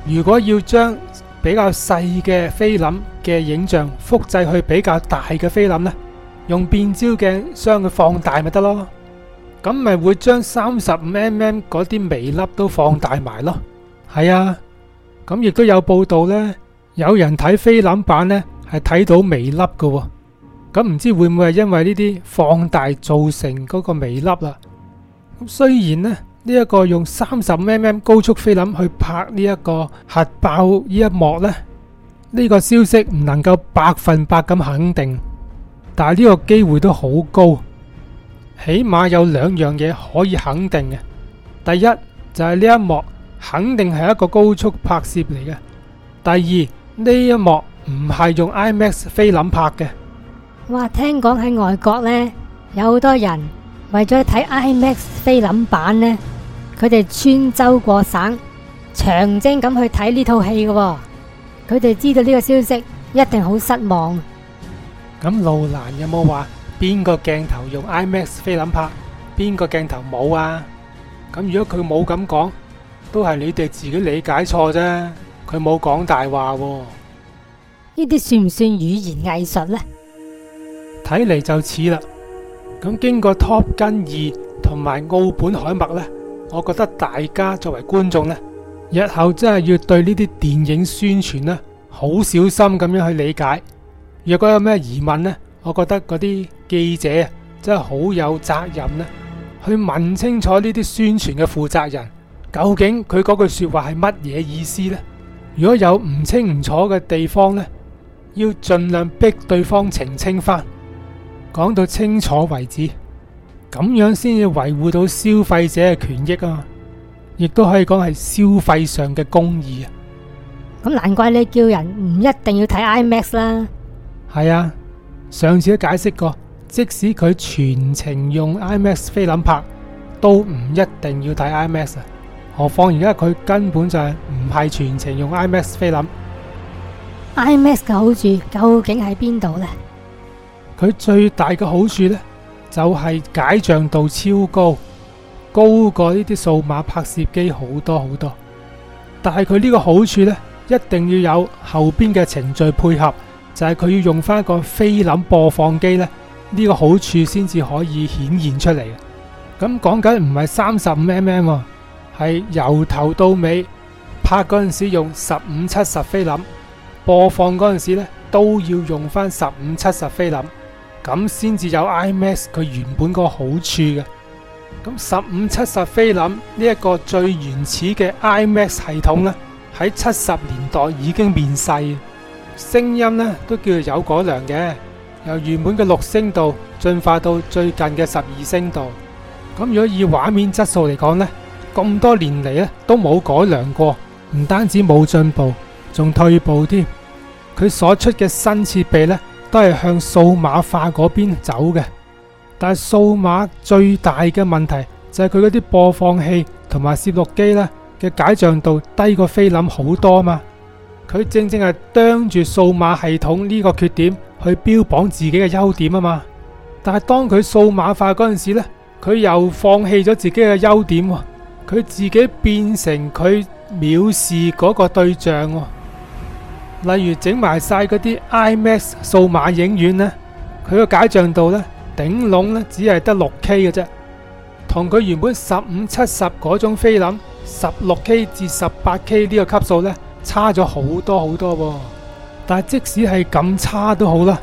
如果要將比較細嘅菲林嘅影像複製去比較大嘅菲林呢，用變焦鏡將佢放大咪得咯？咁咪會將三十五 mm 嗰啲微粒都放大埋咯？係啊，咁亦都有報道呢，有人睇菲林版呢係睇到微粒㗎，咁唔知會唔會係因為呢啲放大造成嗰個微粒啦？雖然咧呢一個用三十 mm 高速菲林去拍呢一個核爆呢一幕咧，呢個消息唔能夠百分百咁肯定，但係呢個機會都好高，起碼有兩樣嘢可以肯定嘅。第一就係呢一幕肯定係一個高速拍攝嚟嘅。第二呢一幕唔係用 IMAX 菲林拍嘅。哇，聽講喺外國呢，有好多人。為咗去睇 IMAX 菲林版呢，佢哋穿州過省，長征咁去睇呢套戲嘅。佢哋知道呢個消息，一定好失望。咁路蘭有冇話邊個鏡頭用 IMAX 菲林拍，邊個鏡頭冇啊？咁如果佢冇咁講，都係你哋自己理解錯啫。佢冇講大話，呢啲算唔算語言藝術呢？睇嚟就似啦。咁經過《Top Gun 二》同埋《奧本海默》呢，我覺得大家作為觀眾呢，日後真係要對呢啲電影宣傳呢，好小心咁樣去理解。如果有咩疑問呢，我覺得嗰啲記者真係好有責任呢，去問清楚呢啲宣傳嘅負責人，究竟佢嗰句說話係乜嘢意思呢？如果有唔清唔楚嘅地方呢，要盡量逼對方澄清翻。講到清楚為止，咁樣先至維護到消費者嘅權益啊，亦都可以講係消費上嘅公義啊。咁難怪你叫人唔一定要睇 IMAX 啦。係啊，上次都解釋過，即使佢全程用 IMAX 菲林拍，都唔一定要睇 IMAX 啊。何況而家佢根本就係唔係全程用 IMAX 菲林。IMAX 嘅好處究竟喺邊度呢？佢最大嘅好處呢，就係解像度超高，高過呢啲數碼拍攝機好多好多。但係佢呢個好處呢，一定要有後邊嘅程序配合，就係佢要用翻一個菲林播放機呢，呢，呢個好處先至可以顯現出嚟。咁講緊唔係三十五 mm，係由頭到尾拍嗰陣時用十五七十菲林，播放嗰陣時咧都要用翻十五七十菲林。咁先至有 IMAX 佢原本個好處嘅。咁十五七十菲林呢一個最原始嘅 IMAX 系統啦，喺七十年代已經面世，聲音咧都叫做有改良嘅，由原本嘅六聲道進化到最近嘅十二聲道。咁如果以畫面質素嚟講呢，咁多年嚟咧都冇改良過，唔單止冇進步，仲退步添。佢所出嘅新設備呢。都係向數碼化嗰邊走嘅，但係數碼最大嘅問題就係佢嗰啲播放器同埋攝錄機呢嘅解像度低過菲林好多嘛，佢正正係當住數碼系統呢個缺點去標榜自己嘅優點啊嘛，但係當佢數碼化嗰陣時呢，佢又放棄咗自己嘅優點，佢自己變成佢藐視嗰個對象。例如整埋晒嗰啲 IMAX 數碼影院呢，佢個解像度呢頂籠呢只係得 6K 嘅啫，同佢原本十五七十嗰種菲林 16K 至 18K 呢個級數呢，差咗好多好多。但即使係咁差都好啦，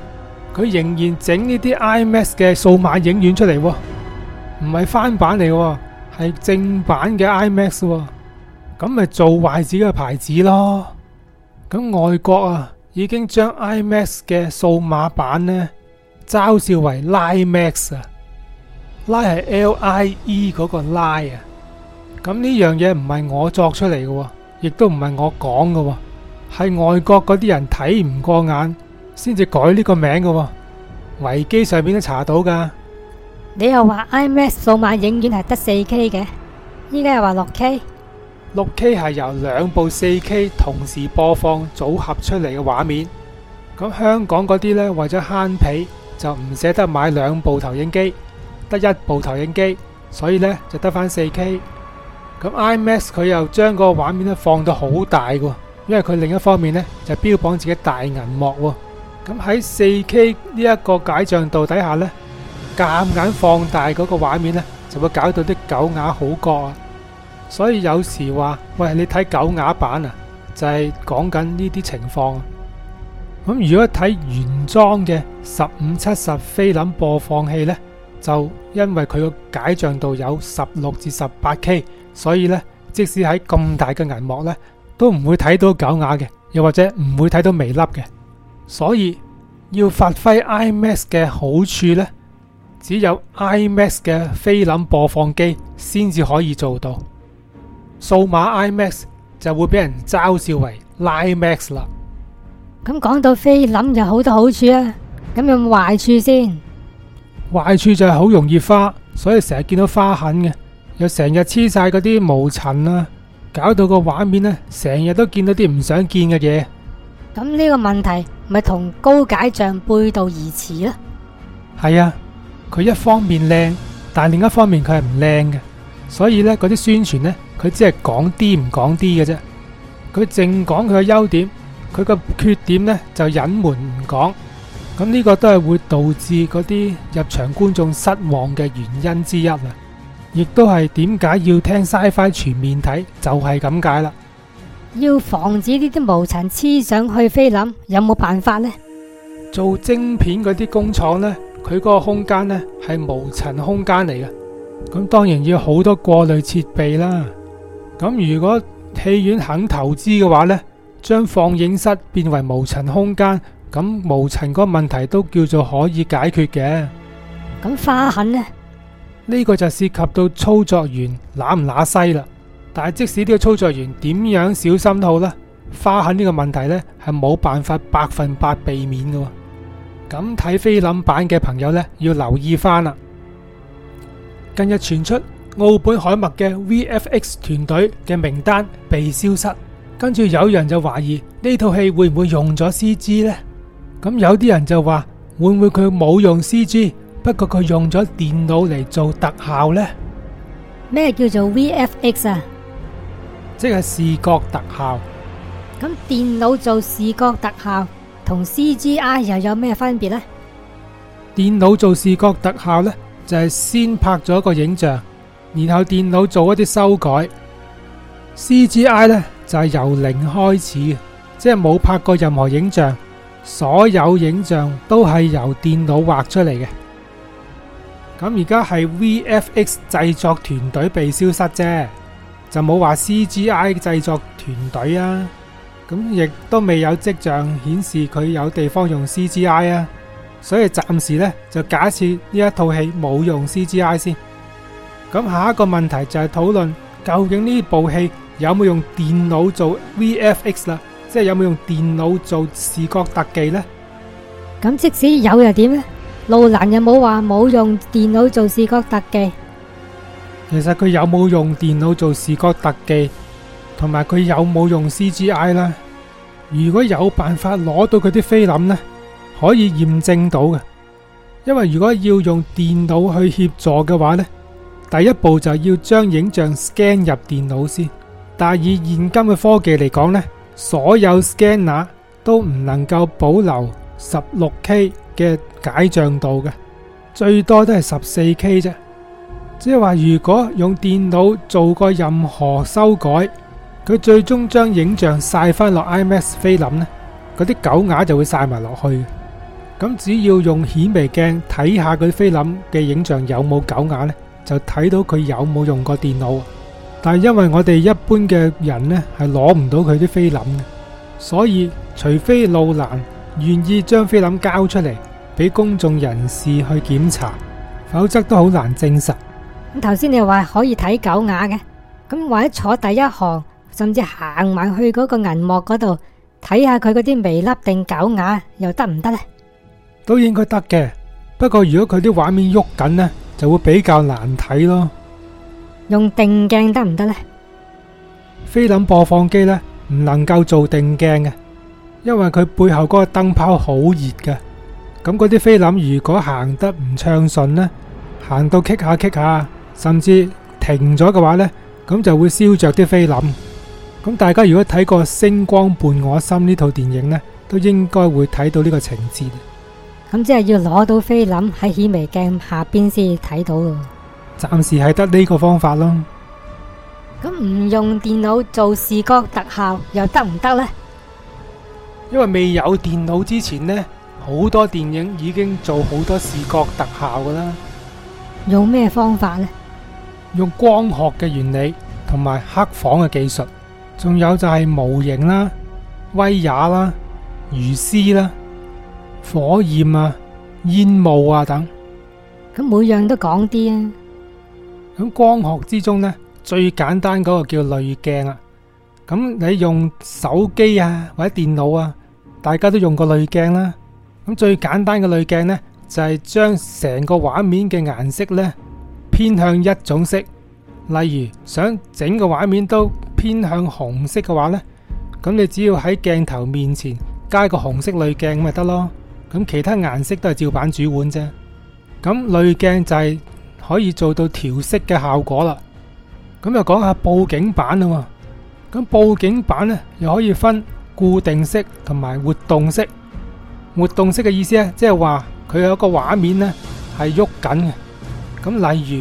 佢仍然整呢啲 IMAX 嘅數碼影院出嚟，唔係翻版嚟，係正版嘅 IMAX。咁咪做壞自己嘅牌子咯。咁外國啊，已經將 IMAX 嘅數碼版呢，嘲笑為 LIMAX 啊，L 係 LIE 嗰個 L i e 啊。咁呢樣嘢唔係我作出嚟嘅，亦都唔係我講嘅，係外國嗰啲人睇唔過眼，先至改呢個名嘅。維基上面都查到噶。你又話 IMAX 數碼影院係得四 K 嘅，依家又話六 K。6K 係由兩部 4K 同時播放組合出嚟嘅畫面。咁香港嗰啲呢，為咗慳皮，就唔捨得買兩部投影機，得一部投影機，所以呢，就得返 4K。咁 IMAX 佢又將嗰個畫面呢，放到好大喎，因為佢另一方面呢，就標榜自己大銀幕喎。咁喺 4K 這個解像度底下呢，夾硬放大嗰個畫面呢，就會搞到啲狗牙好覺啊。所以有時話，喂，你睇狗牙版啊，就係講緊呢啲情況啊。咁如果睇原裝嘅十五七十菲林播放器呢，就因為佢個解像度有十六至十八 K，所以呢，即使喺咁大嘅銀幕呢，都唔會睇到狗牙嘅，又或者唔會睇到微粒嘅。所以要發揮 IMAX 嘅好處呢，只有 IMAX 嘅菲林播放機先至可以做到。數碼 IMAX 就會俾人嘲笑為 LieMAX 啦。咁講到飛諗就好多好處啊，咁有冇壞處先？壞處就係好容易花，所以成日見到花痕嘅，又成日黐晒嗰啲毛塵啊，搞到個畫面咧，成日都見到啲唔想見嘅嘢。咁呢個問題咪同高解像背道而馳囉？係啊，佢一方面靚，但係另一方面佢係唔靚嘅，所以咧嗰啲宣傳咧。佢只係講啲唔講啲嘅啫，佢淨講佢嘅優點，佢個缺點咧就隱瞞唔講，咁呢個都係會導致嗰啲入場觀眾失望嘅原因之一啊！亦都係點解要聽 SciFi 全面睇就係咁解啦。要防止呢啲無塵黐上去菲林，有冇辦法咧？做晶片嗰啲工廠咧，佢嗰個空間咧係無塵空間嚟嘅，咁當然要好多過濾設備啦。咁如果戲院肯投資嘅話呢，將放映室變為無塵空間，咁無塵個問題都叫做可以解決嘅。咁花痕呢，呢、呢個就涉及到操作員乸唔乸西啦。但係即使呢個操作員點樣小心都好啦，花痕呢個問題呢係冇辦法百分百避免嘅。咁睇菲林版嘅朋友呢，要留意翻啦。近日傳出。奧本海默嘅 VFX 團隊嘅名單被消失，跟住有人就懷疑呢套戲會唔會用咗 CG 呢？咁有啲人就話會唔會佢冇用 CG，不過佢用咗電腦嚟做特效呢？咩叫做 VFX 啊？即係視覺特效。咁電腦做視覺特效同 CGI 又有咩分別呢？電腦做視覺特效呢，就係先拍咗一個影像。然後電腦做一啲修改，CGI 呢就係由零開始，即係冇拍過任何影像，所有影像都係由電腦畫出嚟嘅。咁而家係 VFX 製作團隊被消失啫，就冇話 CGI 製作團隊啊。咁亦都未有跡象顯示佢有地方用 CGI 啊，所以暫時呢，就假設呢一套戲冇用 CGI 先。咁下一個問題就係討論究竟呢部戲有冇用電腦做 VFX 啦，即係有冇用電腦做視覺特技咧？咁即使有又點咧？路蘭又冇話冇用電腦做視覺特技。其實佢有冇用電腦做視覺特技，同埋佢有冇用 CGI 呢？如果有辦法攞到佢啲菲林咧，可以驗證到嘅。因為如果要用電腦去協助嘅話咧。第一步就要將影像 scan 入電腦先，但以現今嘅科技嚟講咧，所有 scanner 都唔能夠保留十六 K 嘅解像度嘅，最多都係十四 K 啫。即係話，如果用電腦做過任何修改，佢最終將影像晒翻落 IMAX 菲林咧，嗰啲狗牙就會晒埋落去。咁只要用顯微鏡睇下佢菲林嘅影像有冇狗牙咧，就睇到佢有冇用過電腦，但係因為我哋一般嘅人呢係攞唔到佢啲菲林嘅，所以除非路蘭願意將菲林交出嚟俾公眾人士去檢查，否則都好難證實。咁頭先你話可以睇狗牙嘅，咁或者坐第一行，甚至行埋去嗰個銀幕嗰度睇下佢嗰啲微粒定狗牙又得唔得呢？都應該得嘅。不過如果佢啲畫面喐緊呢，就會比較難睇咯。用定鏡得唔得呢？菲林播放機呢，唔能夠做定鏡嘅，因為佢背後嗰個燈泡好熱嘅。咁嗰啲菲林如果行得唔暢順呢，行到棘下棘下，甚至停咗嘅話呢，咁就會燒着啲菲林。咁大家如果睇過《星光伴我心》呢套電影呢，都應該會睇到呢個情節。咁即係要攞到菲林喺顯微鏡下邊先睇到咯。暫時係得呢個方法咯。咁唔用電腦做視覺特效又得唔得呢？因為未有電腦之前呢，好多電影已經做好多視覺特效噶啦。用咩方法呢？用光學嘅原理同埋黑房嘅技術，仲有就係模型啦、威亞啦、魚絲啦，火焰啊、煙霧啊等，咁每樣都講啲啊。咁光學之中呢，最簡單嗰個叫濾鏡啊。咁你用手機啊或者電腦啊，大家都用過濾鏡啦。咁最簡單嘅濾鏡呢，就係將成個畫面嘅顏色呢偏向一種色。例如想整個畫面都偏向紅色嘅話呢，咁你只要喺鏡頭面前加個紅色濾鏡咪得咯。咁其他顏色都係照板煮碗啫。咁濾鏡就係可以做到調色嘅效果啦。咁又講下佈景板啊嘛。咁佈景板咧又可以分固定式同埋活動式。活動式嘅意思咧，即係話佢有一個畫面咧係喐緊嘅。咁例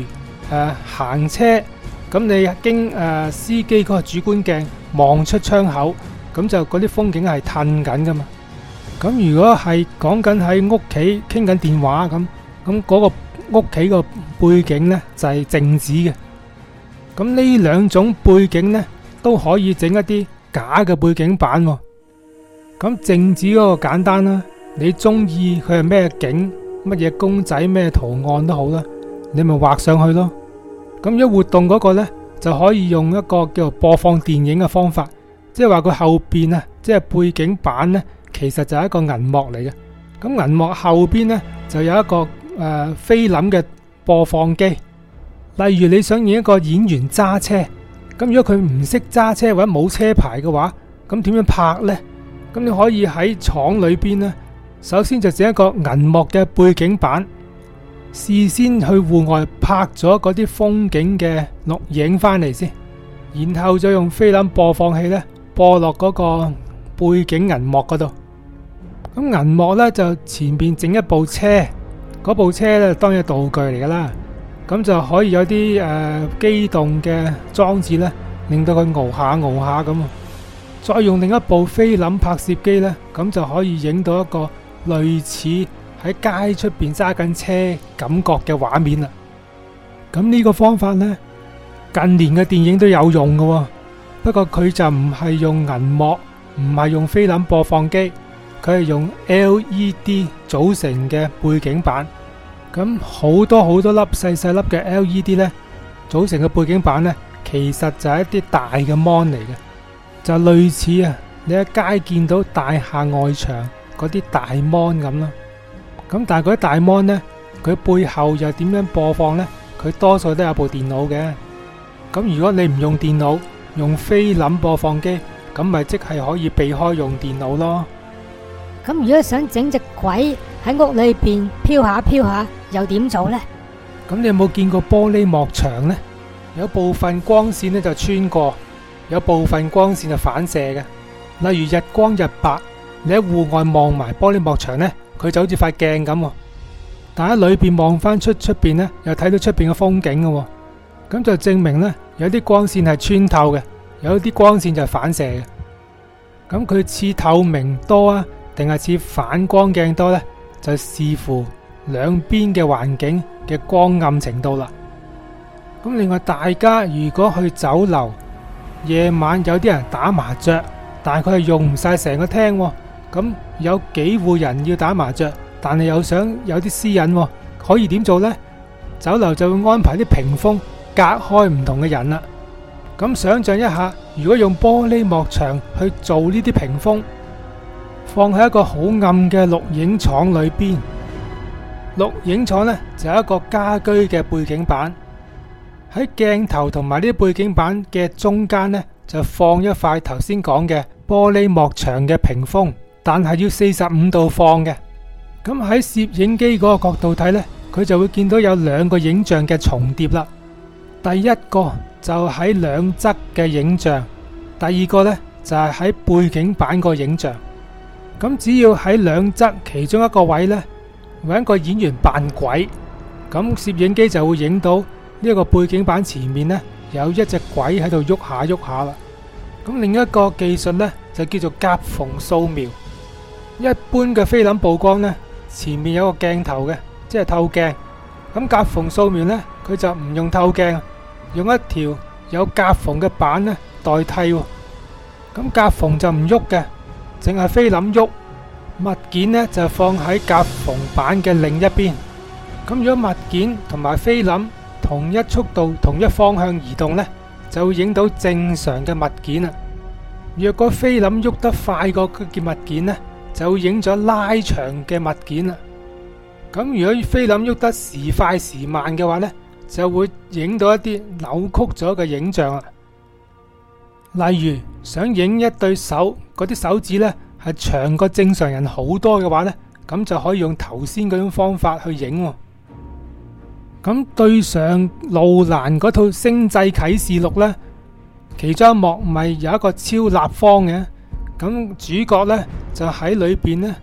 如誒行車，咁你經誒司機嗰個主觀鏡望出窗口，咁就嗰啲風景係褪緊㗎嘛。咁如果係講緊喺屋企傾緊電話咁，咁、那、嗰個屋企個背景呢，就係靜止嘅。咁呢兩種背景呢，都可以整一啲假嘅背景板。咁靜止嗰個簡單啦，你中意佢係咩景，乜嘢公仔，咩圖案都好啦，你咪畫上去咯。咁一活動嗰個呢，就可以用一個叫做播放電影嘅方法，即係話佢後邊啊，即係背景板呢。其實就係一個銀幕嚟嘅，咁銀幕後邊呢，就有一個誒菲林嘅播放機。例如你想演一個演員揸車，咁如果佢唔識揸車或者冇車牌嘅話，咁點樣拍呢？咁你可以喺廠裏邊呢，首先就整一個銀幕嘅背景板，事先去戶外拍咗嗰啲風景嘅錄影翻嚟先，然後再用菲林播放器呢，播落嗰個背景銀幕嗰度。咁銀幕咧就前邊整一部車，嗰部車咧當然係道具嚟噶啦。咁就可以有啲誒機動嘅裝置咧，令到佢熬下熬下咁。再用另一部菲林拍攝機咧，咁就可以影到一個類似喺街出邊揸緊車的感覺嘅畫面啦。咁呢個方法咧，近年嘅電影都有用噶。不過佢就唔係用銀幕，唔係用菲林播放機。佢係用 LED 組成嘅背景板，咁好多好多粒細細粒嘅 LED 呢組成嘅背景板呢，其實就係一啲大嘅 mon 嚟嘅，就類似啊你喺街見到大廈外牆嗰啲大 mon 咁啦。咁但係嗰啲大 mon 呢，佢背後又點樣播放呢？佢多數都係有部電腦嘅。咁如果你唔用電腦，用菲林播放機，咁咪即係可以避開用電腦咯。咁如果想整隻鬼喺屋裏邊飄下飄下，又點做咧？咁你有冇見過玻璃幕牆咧？有部分光綫咧就穿過，有部分光綫就反射嘅。例如日光日白，你喺戶外望埋玻璃幕牆咧，佢就好似塊鏡咁。但喺裏邊望翻出出邊咧，又睇到出邊嘅風景嘅。咁就證明咧，有啲光綫係穿透嘅，有啲光綫就係反射嘅。咁佢似透明多啊？定係似反光鏡多呢？就視乎兩邊嘅環境嘅光暗程度啦。咁另外，大家如果去酒樓，夜晚有啲人打麻雀，但係佢係用唔晒成個廳喎，咁有幾戶人要打麻雀，但係又想有啲私隱喎，可以點做呢？酒樓就會安排啲屏風隔開唔同嘅人啦。咁想象一下，如果用玻璃幕牆去做呢啲屏風。放喺一個好暗嘅錄影廠裏邊，錄影廠呢，就有一個家居嘅背景板，喺鏡頭同埋呢啲背景板嘅中間呢，就放一塊頭先講嘅玻璃幕牆嘅屏風，但係要四十五度放嘅。咁喺攝影機嗰個角度睇呢，佢就會見到有兩個影像嘅重疊啦。第一個就喺兩側嘅影像，第二個呢，就係喺背景板個影像。咁只要喺兩側其中一個位咧，搵一個演員扮鬼，咁攝影機就會影到呢個背景板前面咧有一隻鬼喺度喐下喐下啦。咁另一個技術咧就叫做夾縫掃描。一般嘅菲林曝光咧，前面有個鏡頭嘅，即係透鏡。咁夾縫掃描咧，佢就唔用透鏡，用一條有夾縫嘅板咧代替喎。咁夾縫就唔喐嘅。淨係菲林喐物件，呢，就放喺夾縫板嘅另一邊。咁如果物件同埋菲林同一速度，同一方向移動呢，就影到正常嘅物件啦。若果菲林喐得快過佢嘅物件呢，就影咗拉長嘅物件啦。咁如果菲林喐得時快時慢嘅話呢，就會影到一啲扭曲咗嘅影像啦。例如想影一對手嗰啲手指呢，係長過正常人好多嘅話呢，咁就可以用頭先嗰種方法去影喎。咁對上路蘭嗰套《星際啟示錄》呢，其中一幕咪有一個超立方嘅，咁主角呢，就喺裏邊呢，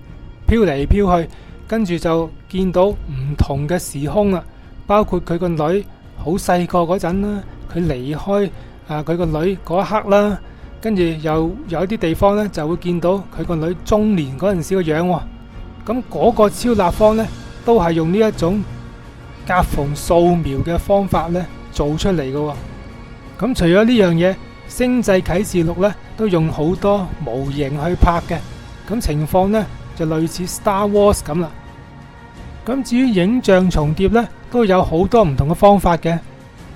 飄嚟飄去，跟住就見到唔同嘅時空喇，包括佢個女好細個嗰陣啦，佢離開。啊！佢個女嗰一刻啦，跟住又有一啲地方呢，就會見到佢個女中年嗰陣時個樣喎、哦。咁嗰個超立方呢，都係用呢一種夾縫掃描嘅方法呢做出嚟嘅、哦。咁除咗呢樣嘢，《星際啟示錄》呢都用好多模型去拍嘅。咁情況呢，就類似《Star Wars》咁啦。咁至於影像重疊呢，都有好多唔同嘅方法嘅。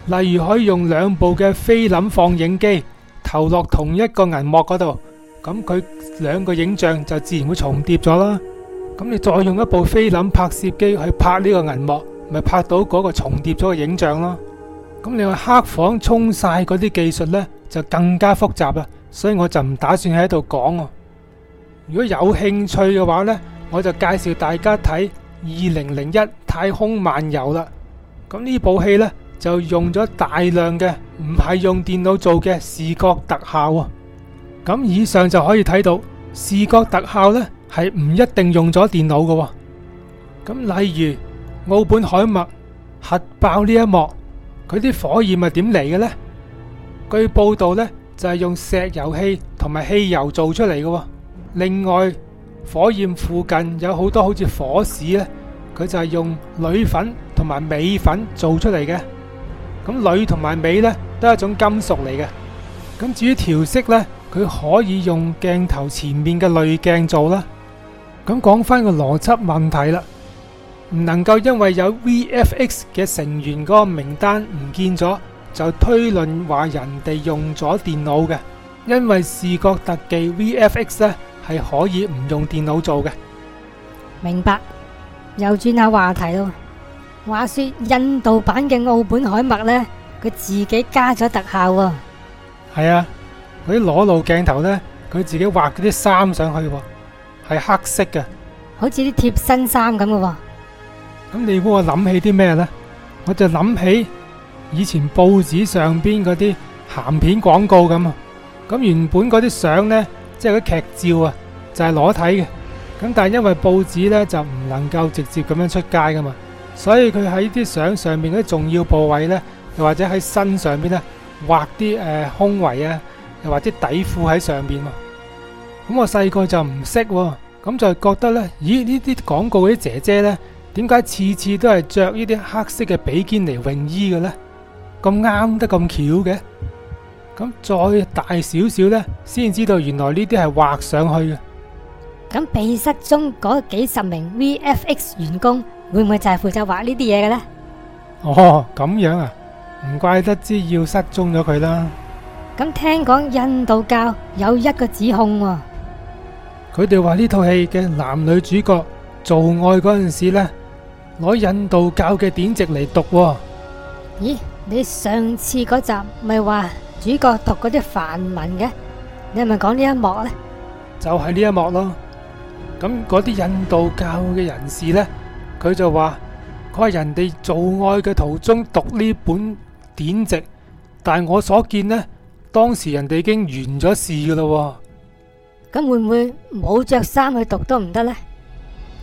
例如可以用兩部嘅菲林放映機投落同一個銀幕嗰度，咁佢兩個影像就自然會重疊咗啦。咁你再用一部菲林拍攝機去拍呢個銀幕，咪拍到嗰個重疊咗嘅影像咯。咁你話黑房沖曬嗰啲技術呢，就更加複雜啦，所以我就唔打算喺度講。如果有興趣嘅話呢，我就介紹大家睇《二零零一太空漫遊》啦。咁呢部戲呢，就用咗大量嘅唔係用電腦做嘅視覺特效啊！咁以上就可以睇到視覺特效咧，係唔一定用咗電腦噶。咁例如奧本海默核爆呢一幕，佢啲火焰係點嚟嘅咧？據報道咧就係用石油氣同埋汽油做出嚟噶。另外火焰附近有好多好似火屎咧，佢就係用鋁粉同埋鎂粉做出嚟嘅。咁鋁同埋鎂呢都係一種金屬嚟嘅，咁至於調色呢，佢可以用鏡頭前面嘅濾鏡做啦。咁講返個邏輯問題啦，唔能夠因為有 VFX 嘅成員嗰個名單唔見咗，就推論話人哋用咗電腦嘅，因為視覺特技 VFX 呢係可以唔用電腦做嘅。明白，又轉下話題咯。話說印度版嘅奧本海默呢，佢自己加咗特效喎。係啊，嗰啲裸露鏡頭呢，佢自己畫嗰啲衫上去，係黑色嘅，好似啲貼身衫咁嘅。咁你估我諗起啲咩呢？我就諗起以前報紙上邊嗰啲鹹片廣告咁啊。咁原本嗰啲相呢，即係嗰劇照啊，就係裸體嘅。咁但係因為報紙呢就唔能夠直接咁樣出街噶嘛。所以佢喺啲相上邊嗰啲重要部位咧，又或者喺身上邊咧，畫啲誒，胸圍啊，又或者底褲喺上邊。咁我細個就唔識，咁就係覺得咧，咦，呢啲廣告啲姐姐咧，點解次次都係着呢啲黑色嘅比堅尼泳衣嘅咧？咁啱得咁巧嘅？咁再大少少咧，先知道原來呢啲係畫上去嘅。咁被失蹤嗰幾十名 VFX 員工。會唔會就係負責畫呢啲嘢嘅呢？哦，咁樣啊，唔怪得知，要失蹤咗佢啦。咁聽講印度教有一個指控喎，佢哋話呢套戲嘅男女主角做愛嗰陣時咧，攞印度教嘅典籍嚟讀喎。咦，你上次嗰集咪話主角讀嗰啲梵文嘅？你係咪講呢一幕呢？就係呢一幕咯。咁嗰啲印度教嘅人士呢？佢就話佢話人哋做愛嘅途中讀呢本典籍，但係我所見呢，當時人哋已經完咗事噶咯，哦。咁會唔會冇着衫去讀都唔得呢？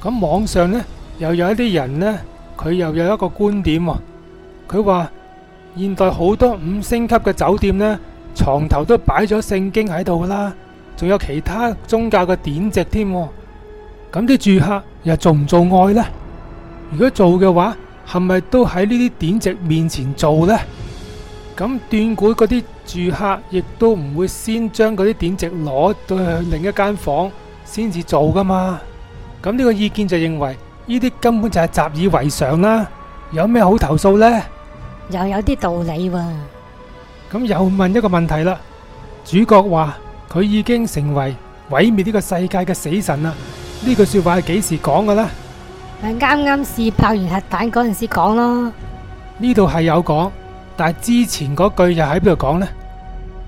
咁網上呢，又有一啲人呢，佢又有一個觀點喎，哦。佢話現代好多五星級嘅酒店呢，床頭都擺咗聖經喺度啦，仲有其他宗教嘅典籍添。咁啲住客又做唔做愛呢？」如果做嘅話，係咪都喺呢啲典籍面前做呢？咁斷估嗰啲住客亦都唔會先將嗰啲典籍攞到去另一間房先至做噶嘛？咁呢個意見就認為呢啲根本就係習以為常啦，有咩好投訴呢？又有啲道理喎啊。咁又問一個問題啦。主角話佢已經成為毀滅呢個世界嘅死神啦。呢句說話係幾時講嘅呢？係啱啱試爆完核彈嗰陣時講咯，呢度係有講，但係之前嗰句又喺邊度講呢？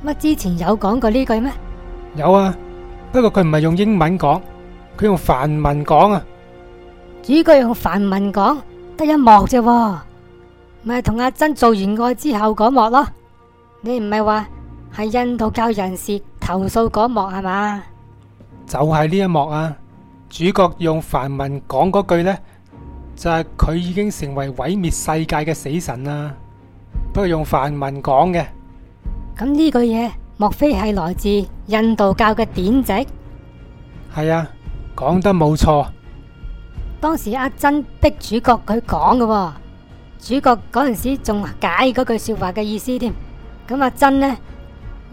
乜之前有講過呢句咩？有啊，不過佢唔係用英文講，佢用梵文講啊。主角用梵文講得一幕啫，咪同阿珍做完愛之後嗰幕咯？你唔係話係印度教人士投訴嗰幕係嘛？就係、是、呢一幕啊！主角用梵文講嗰句咧，就係佢已經成為毀滅世界嘅死神啦。不過用梵文講嘅，咁呢句嘢莫非係來自印度教嘅典籍？係啊，講得冇錯。當時阿珍逼主角佢講嘅，主角嗰陣時仲解嗰句說話嘅意思添。咁阿珍咧，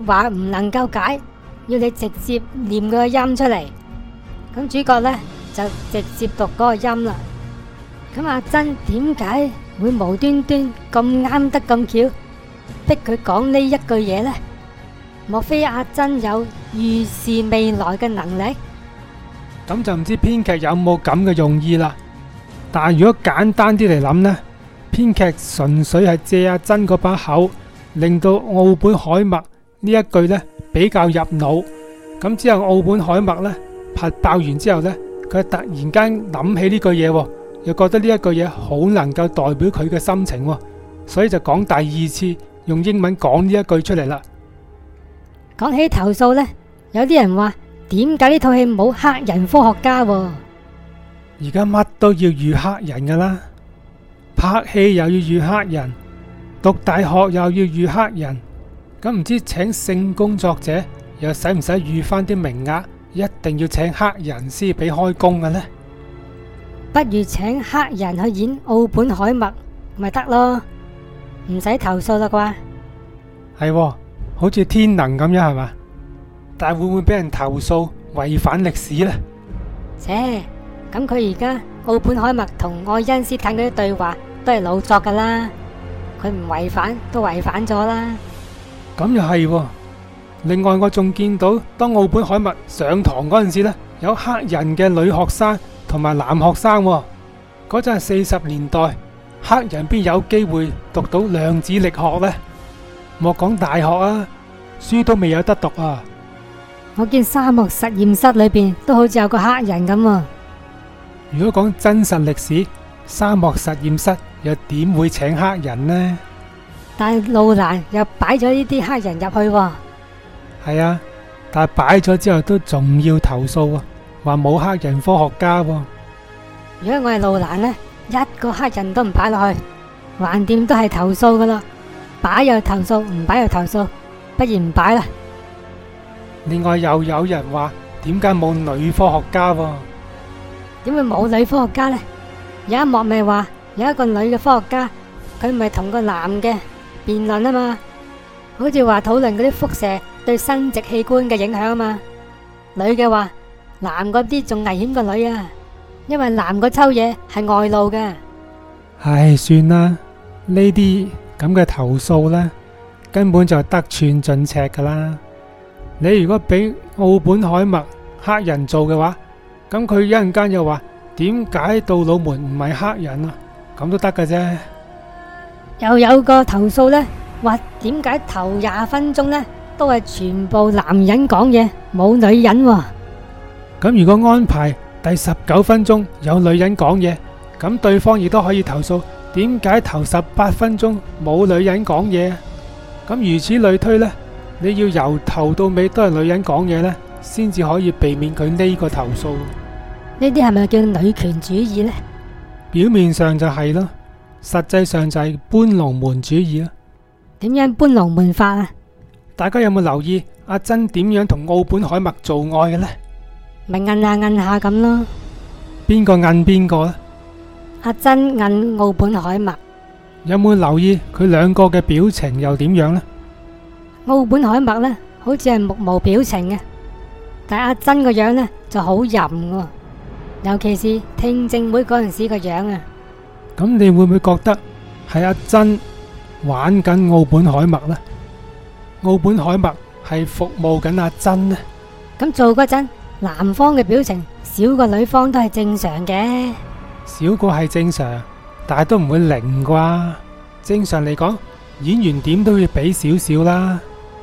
話唔能夠解，要你直接念個音出嚟。咁主角呢就直接讀嗰個音啦。咁阿珍點解會無端端咁啱得咁巧，逼佢講呢一句嘢呢？莫非阿珍有預視未來嘅能力？咁就唔知編劇有冇咁嘅用意啦。但如果簡單啲嚟諗呢，編劇純粹係借阿珍嗰把口，令到奧本海默呢一句呢比較入腦。咁之後奧本海默呢。拍爆完之後呢，佢突然間諗起呢句嘢，又覺得呢一句嘢好能夠代表佢嘅心情，所以就講第二次用英文講呢一句出嚟啦。講起投訴呢，有啲人話點解呢套戲冇黑人科學家？而家乜都要預黑人噶啦，拍戲又要預黑人，讀大學又要預黑人，咁唔知請性工作者又使唔使預翻啲名額？一定要請黑人先俾開工嘅呢，不如請黑人去演奧本海默咪得咯，唔使投訴啦啩？係，好似天能咁樣，係嘛？但係會唔會俾人投訴違反歷史呢？切，咁佢而家奧本海默同愛因斯坦嗰啲對話都係老作噶啦，佢唔違反都違反咗啦。咁又係。另外，我仲見到當奧本海默上堂嗰陣時呢，有黑人嘅女學生同埋男學生。嗰陣係四十年代，黑人邊有機會讀到量子力學呢？莫講大學啊，書都未有得讀啊！我見沙漠實驗室裏邊都好似有個黑人咁。如果講真實歷史，沙漠實驗室又點會請黑人呢？但係路蘭又擺咗呢啲黑人入去。係啊，但係擺咗之後都仲要投訴啊，話冇黑人科學家。如果我係路蘭咧，一個黑人都唔擺落去，橫掂都係投訴噶咯，擺又投訴，唔擺又投訴，不如唔擺啦。另外又有人話，點解冇女科學家？點會冇女科學家咧？有一幕咪話，有一個女嘅科學家，佢唔係同個男嘅辯論啊嘛。好似話討論嗰啲輻射對生殖器官嘅影響啊嘛，女嘅話，男嗰啲仲危險過女啊，因為男個抽嘢係外露嘅。唉，算啦，呢啲咁嘅投訴呢，根本就得寸進尺噶啦。你如果俾奧本海默黑人做嘅話，咁佢一陣間又話點解杜魯門唔係黑人啊？咁都得嘅啫。又有個投訴呢。或點解頭廿分鐘呢都係全部男人講嘢，冇女人喎？咁如果安排第十九分鐘有女人講嘢，咁對方亦都可以投訴。點解頭十八分鐘冇女人講嘢？咁如此類推呢，你要由頭到尾都係女人講嘢呢，先至可以避免佢呢個投訴。呢啲係咪叫女權主義呢？表面上就係咯，實際上就係搬龍門主義咯。點樣搬龍門法啊？大家有冇留意阿珍點樣同奧本海默做愛嘅咧？咪摁下摁下咁咯。邊個摁邊個咧？阿珍摁奧本海默。有冇留意佢兩個嘅表情又點樣咧？奧本海默咧，好似係木無表情嘅，但阿珍個樣咧就好淫嘅，尤其是聽證會嗰陣時個樣啊。咁你會唔會覺得係阿珍？玩緊奧本海默啦，奧本海默係服務緊阿真阿珍咧，咁做嗰陣，男方嘅表情少過女方都係正常嘅，少過係正常，但係都唔會零啩。正常嚟講，演員點都要俾少少啦。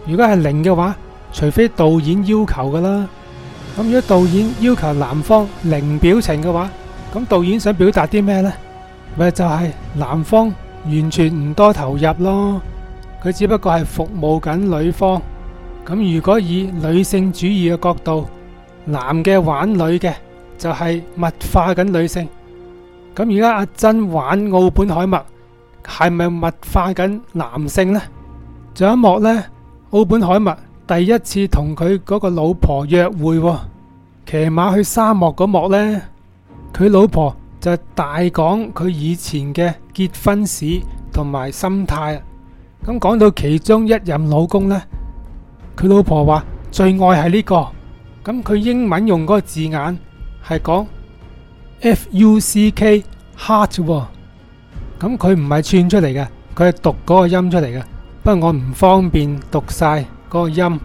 如果係零嘅話，除非導演要求噶啦。咁如果導演要求男方零表情嘅話，咁導演想表達啲咩呢？咪就係男方。完全唔多投入咯，佢只不過係服務緊女方。咁如果以女性主義嘅角度，男嘅玩女嘅就係物化緊女性。咁而家阿珍玩奧本海默，係咪物化緊男性呢？仲有一幕咧，奧本海默第一次同佢嗰個老婆約會，騎馬去沙漠嗰幕呢，佢老婆。就大講佢以前嘅結婚史同埋心態。咁講到其中一任老公呢，佢老婆話最愛係呢個。咁佢英文用嗰個字眼係講 f u c k hard。咁佢唔係串出嚟嘅，佢係讀嗰個音出嚟嘅。不過我唔方便讀晒嗰個音，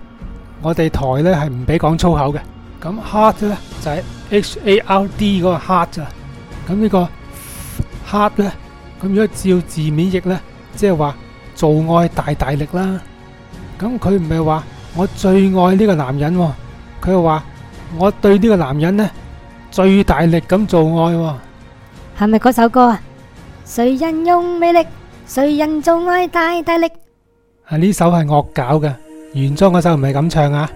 我哋台呢係唔俾講粗口嘅。咁 hard 呢就係 h a r d 嗰個 hard 啊。咁呢個黑咧，咁如果照字面譯咧，即係話做愛大大力啦。咁佢唔係話我最愛呢個男人，佢又話我對呢個男人咧最大力咁做愛。係咪嗰首歌啊？誰人用魅力，誰人做愛大大力？啊！呢首係惡搞嘅，原裝嗰首唔係咁唱啊。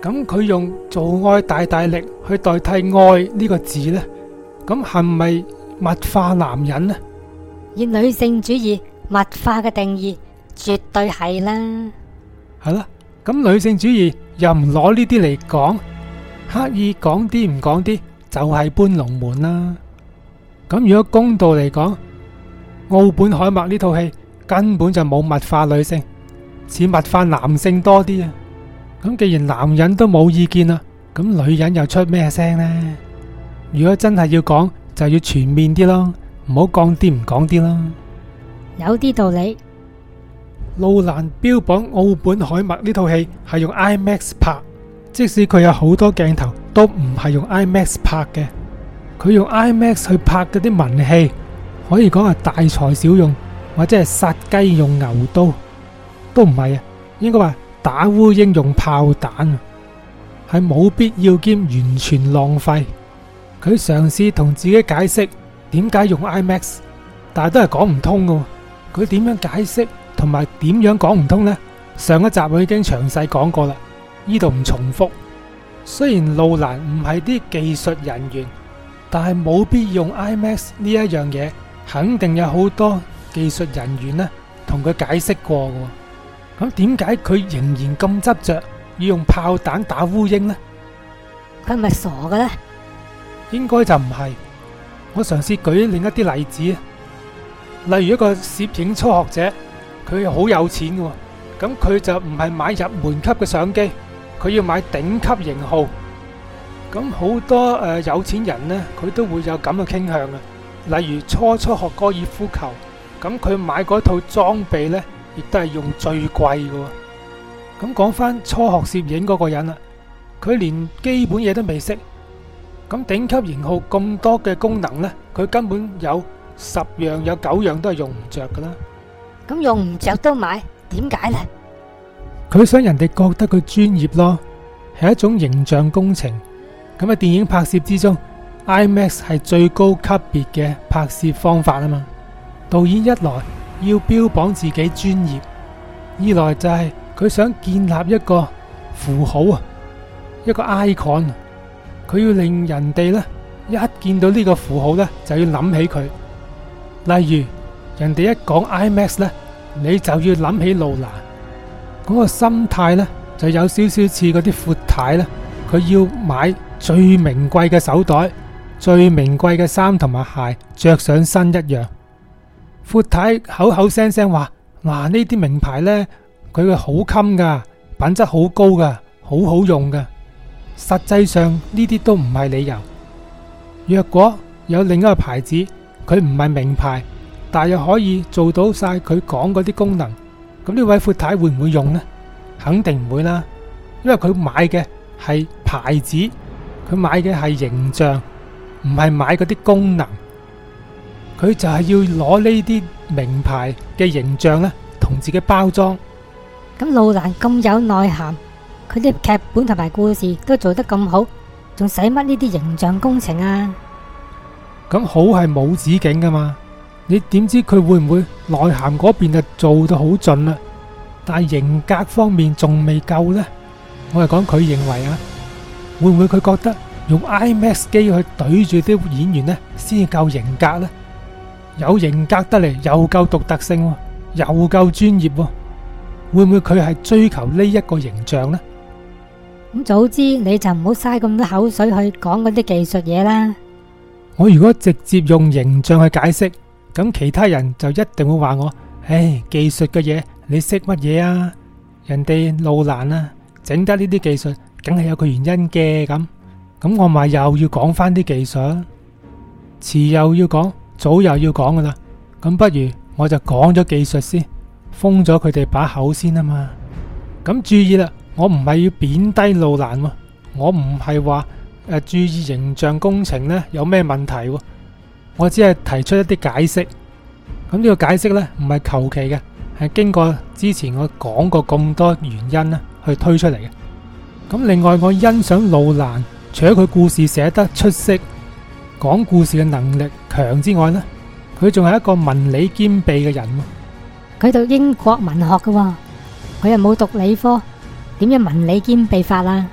咁佢用做愛大大力去代替愛呢個字咧。咁係咪物化男人呢？以女性主義物化嘅定義，絕對係啦。係啦，咁女性主義又唔攞呢啲嚟講，刻意講啲唔講啲，就係搬龍門啦。咁如果公道嚟講，奧本海默呢套戲根本就冇物化女性，似物化男性多啲啊。咁既然男人都冇意見啦，咁女人又出咩聲呢？如果真係要講，就要全面啲咯，唔好講啲唔講啲啦。有啲道理。路蘭標榜《奧本海默》呢套戲係用 IMAX 拍，即使佢有好多鏡頭都唔係用 IMAX 拍嘅，佢用 IMAX 去拍嗰啲文戲，可以講係大材小用，或者係殺雞用牛刀，都唔係啊。應該話打烏蠅用炮彈啊，係冇必要兼完全浪費。佢嘗試同自己解釋點解用 IMAX，但係都係講唔通噶。佢點樣解釋同埋點樣講唔通咧？上一集我已經詳細講過啦，呢度唔重複。雖然路蘭唔係啲技術人員，但係冇必要用 IMAX 呢一樣嘢，肯定有好多技術人員呢同佢解釋過噶。咁點解佢仍然咁執着要用炮彈打烏蠅咧？佢係咪傻嘅咧？應該就唔係，我嘗試舉另一啲例子，例如一個攝影初學者，佢好有錢嘅，咁佢就唔係買入門級嘅相機，佢要買頂級型號。咁好多誒、呃、有錢人呢，佢都會有咁嘅傾向嘅。例如初初學高爾夫球，咁佢買嗰套裝備呢，亦都係用最貴嘅。咁講翻初學攝影嗰個人啦，佢連基本嘢都未識。咁頂級型號咁多嘅功能呢，佢根本有十樣有九樣都係用唔着噶啦。咁用唔着都買，點解呢？佢想人哋覺得佢專業咯，係一種形象工程。咁啊，電影拍攝之中，IMAX 係最高級別嘅拍攝方法啊嘛。導演一來要標榜自己專業，二來就係佢想建立一個符號啊，一個 icon。佢要令人哋咧一見到呢個符號咧就要諗起佢，例如人哋一講 IMAX 咧，你就要諗起路蘭。嗰個心態咧就有少少似嗰啲闊太咧，佢要買最名貴嘅手袋、最名貴嘅衫同埋鞋着上身一樣。闊太口口聲聲話嗱，呢啲名牌咧，佢好襟㗎，品質好高㗎，好好用㗎。實際上呢啲都唔係理由。若果有另一個牌子，佢唔係名牌，但又可以做到晒佢講嗰啲功能，咁呢位闊太會唔會用呢？肯定唔會啦，因為佢買嘅係牌子，佢買嘅係形象，唔係買嗰啲功能。佢就係要攞呢啲名牌嘅形象咧，同自己包裝。咁老蘭咁有內涵。佢啲劇本同埋故事都做得咁好，仲使乜呢啲形象工程啊？咁好係冇止境噶嘛？你點知佢會唔會內涵嗰邊就做到好盡啊？但係型格方面仲未夠呢？我係講佢認為啊，會唔會佢覺得用 IMAX 機去對住啲演員呢，先夠型格呢？有型格得嚟又夠獨特性，又夠專業，會唔會佢係追求呢一個形象呢？咁早知你就唔好嘥咁多口水去講嗰啲技術嘢啦。我如果直接用形象去解釋，咁其他人就一定會話我：唉，技術嘅嘢你識乜嘢啊？人哋路難啦，整得呢啲技術，梗係有個原因嘅。咁咁我咪又要講翻啲技術，遲又要講，早又要講噶啦。咁不如我就講咗技術先，封咗佢哋把口先啊嘛。咁注意啦。我唔係要貶低路蘭，我唔係話誒注意形象工程呢有咩問題，我只係提出一啲解釋。咁呢個解釋呢唔係求其嘅，係經過之前我講過咁多原因呢去推出嚟嘅。咁另外我欣賞路蘭，除咗佢故事寫得出色，講故事嘅能力強之外呢，佢仲係一個文理兼備嘅人。佢讀英國文學㗎，佢又冇讀理科。點樣文理兼備法啦？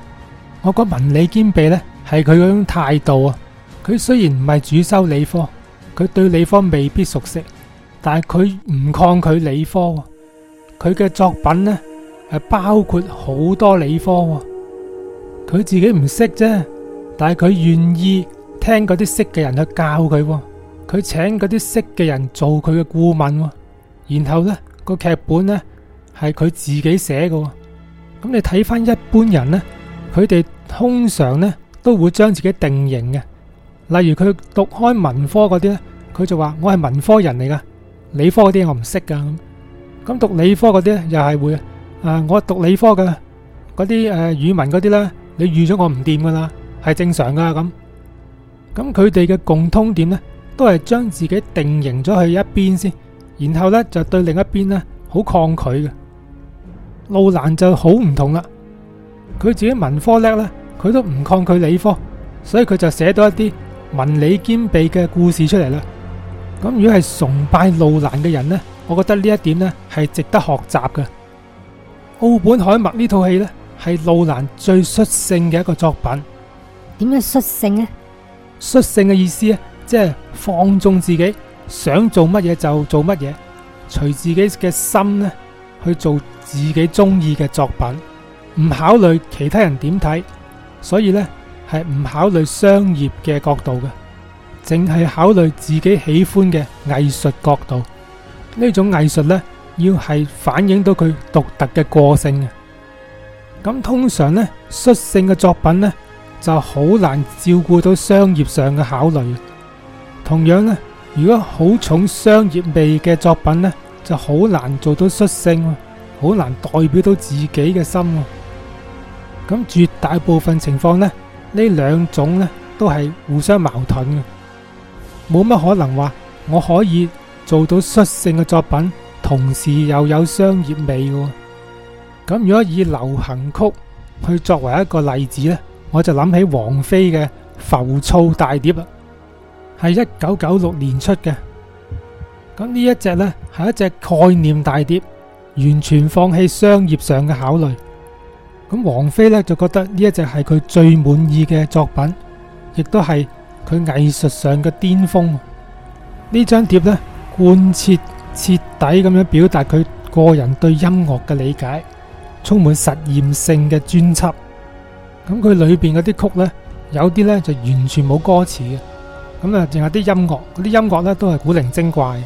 我覺得文理兼備咧，係佢嗰種態度啊。佢雖然唔係主修理科，佢對理科未必熟悉，但係佢唔抗拒理科。佢嘅作品咧，係包括好多理科。佢自己唔識啫，但係佢願意聽嗰啲識嘅人去教佢。佢請嗰啲識嘅人做佢嘅顧問，然後咧，個劇本咧係佢自己寫嘅。咁你睇翻一般人呢，佢哋通常呢都會將自己定型嘅，例如佢讀開文科嗰啲呢，佢就話我係文科人嚟噶，理科嗰啲我唔識噶。咁讀理科嗰啲呢又係會，啊、呃、我讀理科噶，嗰啲誒語文嗰啲呢，你預咗我唔掂噶啦，係正常噶咁、啊。咁佢哋嘅共通點呢，都係將自己定型咗去一邊先，然後呢就對另一邊呢，好抗拒嘅。路蘭就好唔同啦，佢自己文科叻呢，佢都唔抗拒理科，所以佢就寫到一啲文理兼備嘅故事出嚟啦。咁如果係崇拜路蘭嘅人呢，我覺得呢一點呢係值得學習嘅。《奧本海默》呢套戲呢，係路蘭最率性嘅一個作品。點樣率性呢？率性嘅意思呢，即係放縱自己，想做乜嘢就做乜嘢，隨自己嘅心呢，去做自己中意嘅作品，唔考慮其他人點睇，所以呢係唔考慮商業嘅角度嘅，淨係考慮自己喜歡嘅藝術角度。呢種藝術呢，要係反映到佢獨特嘅個性嘅，咁通常呢，率性嘅作品呢，就好難照顧到商業上嘅考慮。同樣呢，如果好重商業味嘅作品呢。就好難做到率性，好難代表到自己嘅心。咁絕大部分情況呢，呢兩種呢都係互相矛盾嘅，冇乜可能話我可以做到率性嘅作品，同時又有商業味嘅。咁如果以流行曲去作為一個例子呢，我就諗起王菲嘅《浮躁大碟》啦，係一九九六年出嘅。咁呢是一隻咧，係一隻概念大碟，完全放棄商業上嘅考慮。咁王菲咧，就覺得呢一隻係佢最滿意嘅作品，亦都係佢藝術上嘅巔峰。這張呢張碟咧，貫徹徹底咁樣表達佢個人對音樂嘅理解，充滿實驗性嘅專輯。咁佢裏邊嗰啲曲呢，有啲呢就完全冇歌詞嘅，咁啊，淨係啲音樂，啲音樂呢都係古靈精怪。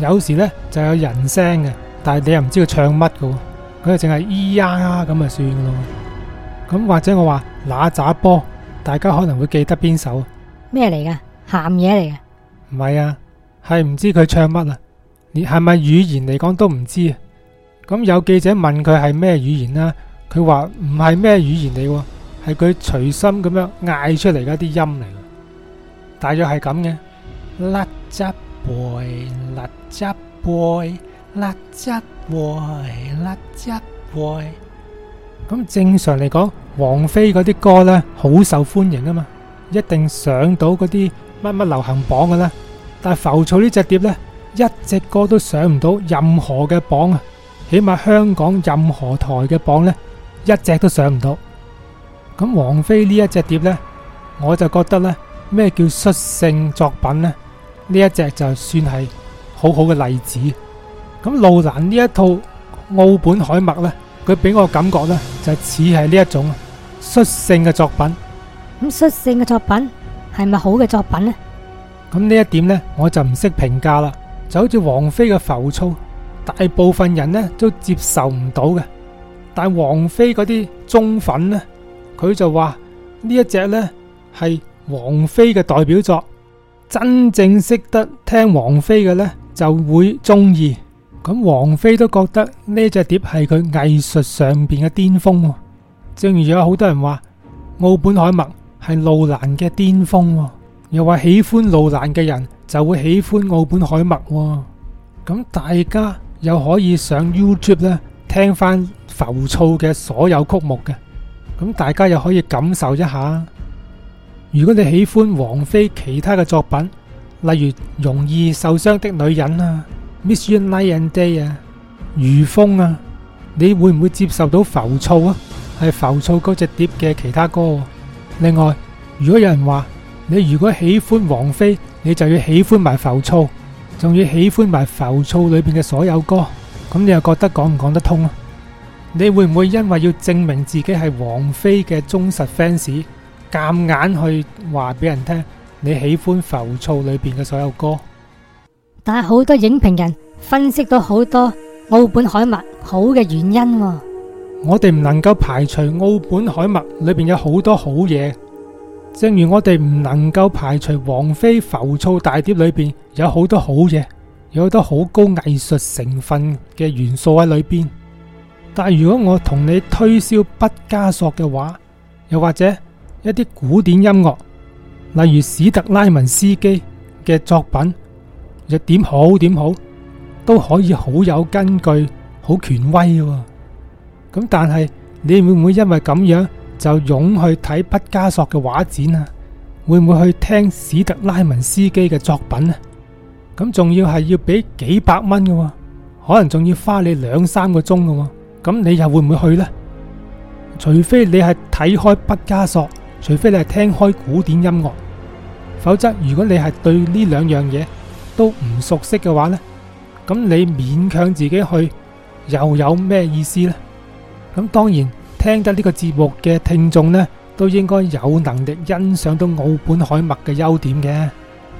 有時咧就有人聲嘅，但係你又唔知佢唱乜嘅，佢淨係咿呀呀咁咪算咯。咁或者我話哪吒波，大家可能會記得邊首？咩嚟噶？鹹嘢嚟嘅？唔係啊，係唔知佢唱乜啊？連係咪語言嚟講都唔知。咁有記者問佢係咩語言啊？佢話唔係咩語言嚟，係佢隨心咁樣嗌出嚟嘅啲音嚟。大約係咁嘅，垃圾。《垃圾》《垃圾》《垃圾》《垃圾》，咁正常嚟講，王菲嗰啲歌呢，好受歡迎啊嘛，一定上到嗰啲乜乜流行榜㗎啦。但係《浮躁》呢隻碟呢，一隻歌都上唔到任何嘅榜啊，起碼香港任何台嘅榜呢，一隻都上唔到。咁王菲呢一隻碟呢，我就覺得呢，咩叫率性作品呢？呢一隻就算係好好嘅例子，咁路蘭呢一套《奧本海默》呢，佢俾我感覺呢，就似係呢一種率性嘅作品。咁率性嘅作品係咪好嘅作品呢？咁呢一點呢，我就唔識評價啦。就好似王菲嘅《浮躁》，大部分人呢都接受唔到嘅，但王菲嗰啲忠粉呢，佢就話呢一隻呢係王菲嘅代表作。真正識得聽王菲嘅呢，就會中意。咁王菲都覺得呢隻碟係佢藝術上邊嘅巔峰。正如有好多人話《奧本海默》係路蘭嘅巔峰，又話喜歡路蘭嘅人就會喜歡澳本《奧本海默》。咁大家又可以上 YouTube 咧聽翻浮躁嘅所有曲目嘅，咁大家又可以感受一下。如果你喜歡王菲其他嘅作品，例如《容易受傷的女人》啊，《Miss You Night and Day》啊，《如風》啊，你會唔會接受到浮躁啊？係浮躁嗰隻碟嘅其他歌。另外，如果有人話你如果喜歡王菲，你就要喜歡埋浮躁，仲要喜歡埋浮躁裏邊嘅所有歌，咁你又覺得講唔講得通啊？你會唔會因為要證明自己係王菲嘅忠實 fans？夾硬去話俾人聽，你喜歡浮躁裏邊嘅所有歌，但係好多影評人分析到好多奧本海默好嘅原因。我哋唔能夠排除奧本海默裏邊有好多好嘢，正如我哋唔能夠排除王菲浮躁大碟裏邊有好多好嘢，有好多好高藝術成分嘅元素喺裏邊。但係如果我同你推銷畢加索嘅話，又或者？一啲古典音樂，例如史特拉文斯基嘅作品，又點好點好，都可以好有根據、好權威嘅。咁但係你會唔會因為咁樣就湧去睇畢加索嘅畫展啊？會唔會去聽史特拉文斯基嘅作品啊？咁仲要係要俾幾百蚊嘅，可能仲要花你兩三個鐘嘅，咁你又會唔會去呢？除非你係睇開畢加索。除非你係聽開古典音樂，否則如果你係對呢兩樣嘢都唔熟悉嘅話呢，咁你勉強自己去又有咩意思呢？咁當然聽得呢個節目嘅聽眾呢，都應該有能力欣賞到奧本海默嘅優點嘅。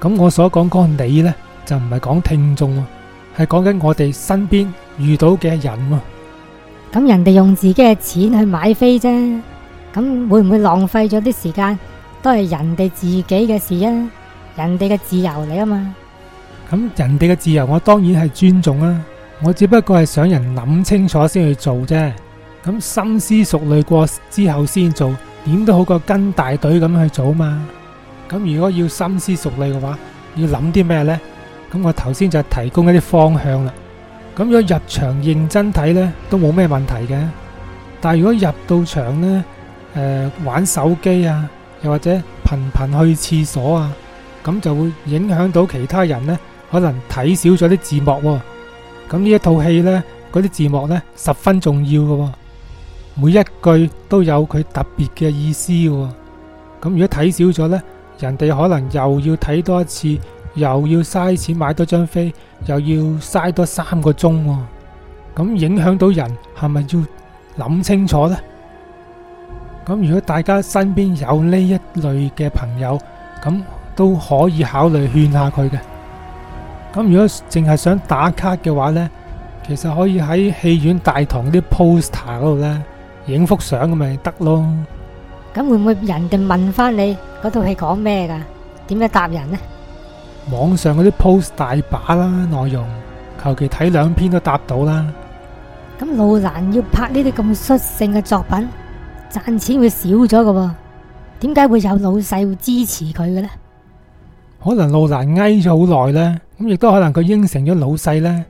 咁我所講講你呢，就唔係講聽眾，啊，係講緊我哋身邊遇到嘅人，啊。咁人哋用自己嘅錢去買飛啫。咁會唔會浪費咗啲時間？都係人哋自己嘅事啊，人哋嘅自由嚟啊嘛。咁人哋嘅自由，我當然係尊重啊。我只不過係想人諗清楚先去做啫。咁深思熟慮過之後先做，點都好過跟大隊咁去做嘛。咁如果要深思熟慮嘅話，要諗啲咩呢？咁我頭先就提供一啲方向啦。咁如果入場認真睇呢，都冇咩問題嘅。但係如果入到場呢，誒、呃，玩手機啊，又或者頻頻去廁所啊，咁就會影響到其他人呢，可能睇少咗啲字幕喎、哦，咁、嗯、呢一套戲呢，嗰啲字幕呢，十分重要噶、哦，每一句都有佢特別嘅意思噶、哦。咁、嗯、如果睇少咗呢，人哋可能又要睇多一次，又要嘥錢買多張飛，又要嘥多三個鐘、哦，咁、嗯、影響到人係咪要諗清楚呢？咁如果大家身邊有呢一類嘅朋友，咁都可以考慮勸下佢嘅。咁如果淨係想打卡嘅話咧，其實可以喺戲院大堂啲 poster 嗰度咧，影幅相咁咪得咯。咁會唔會人哋問翻你嗰套戲講咩噶？點樣答人咧？網上嗰啲 post 大把啦，內容求其睇兩篇都答到啦。咁老蘭要拍呢啲咁率性嘅作品？賺錢會少咗噶，點解會有老細會支持佢嘅呢？可能路蘭捱咗好耐呢，咁亦都可能佢應承咗老細呢。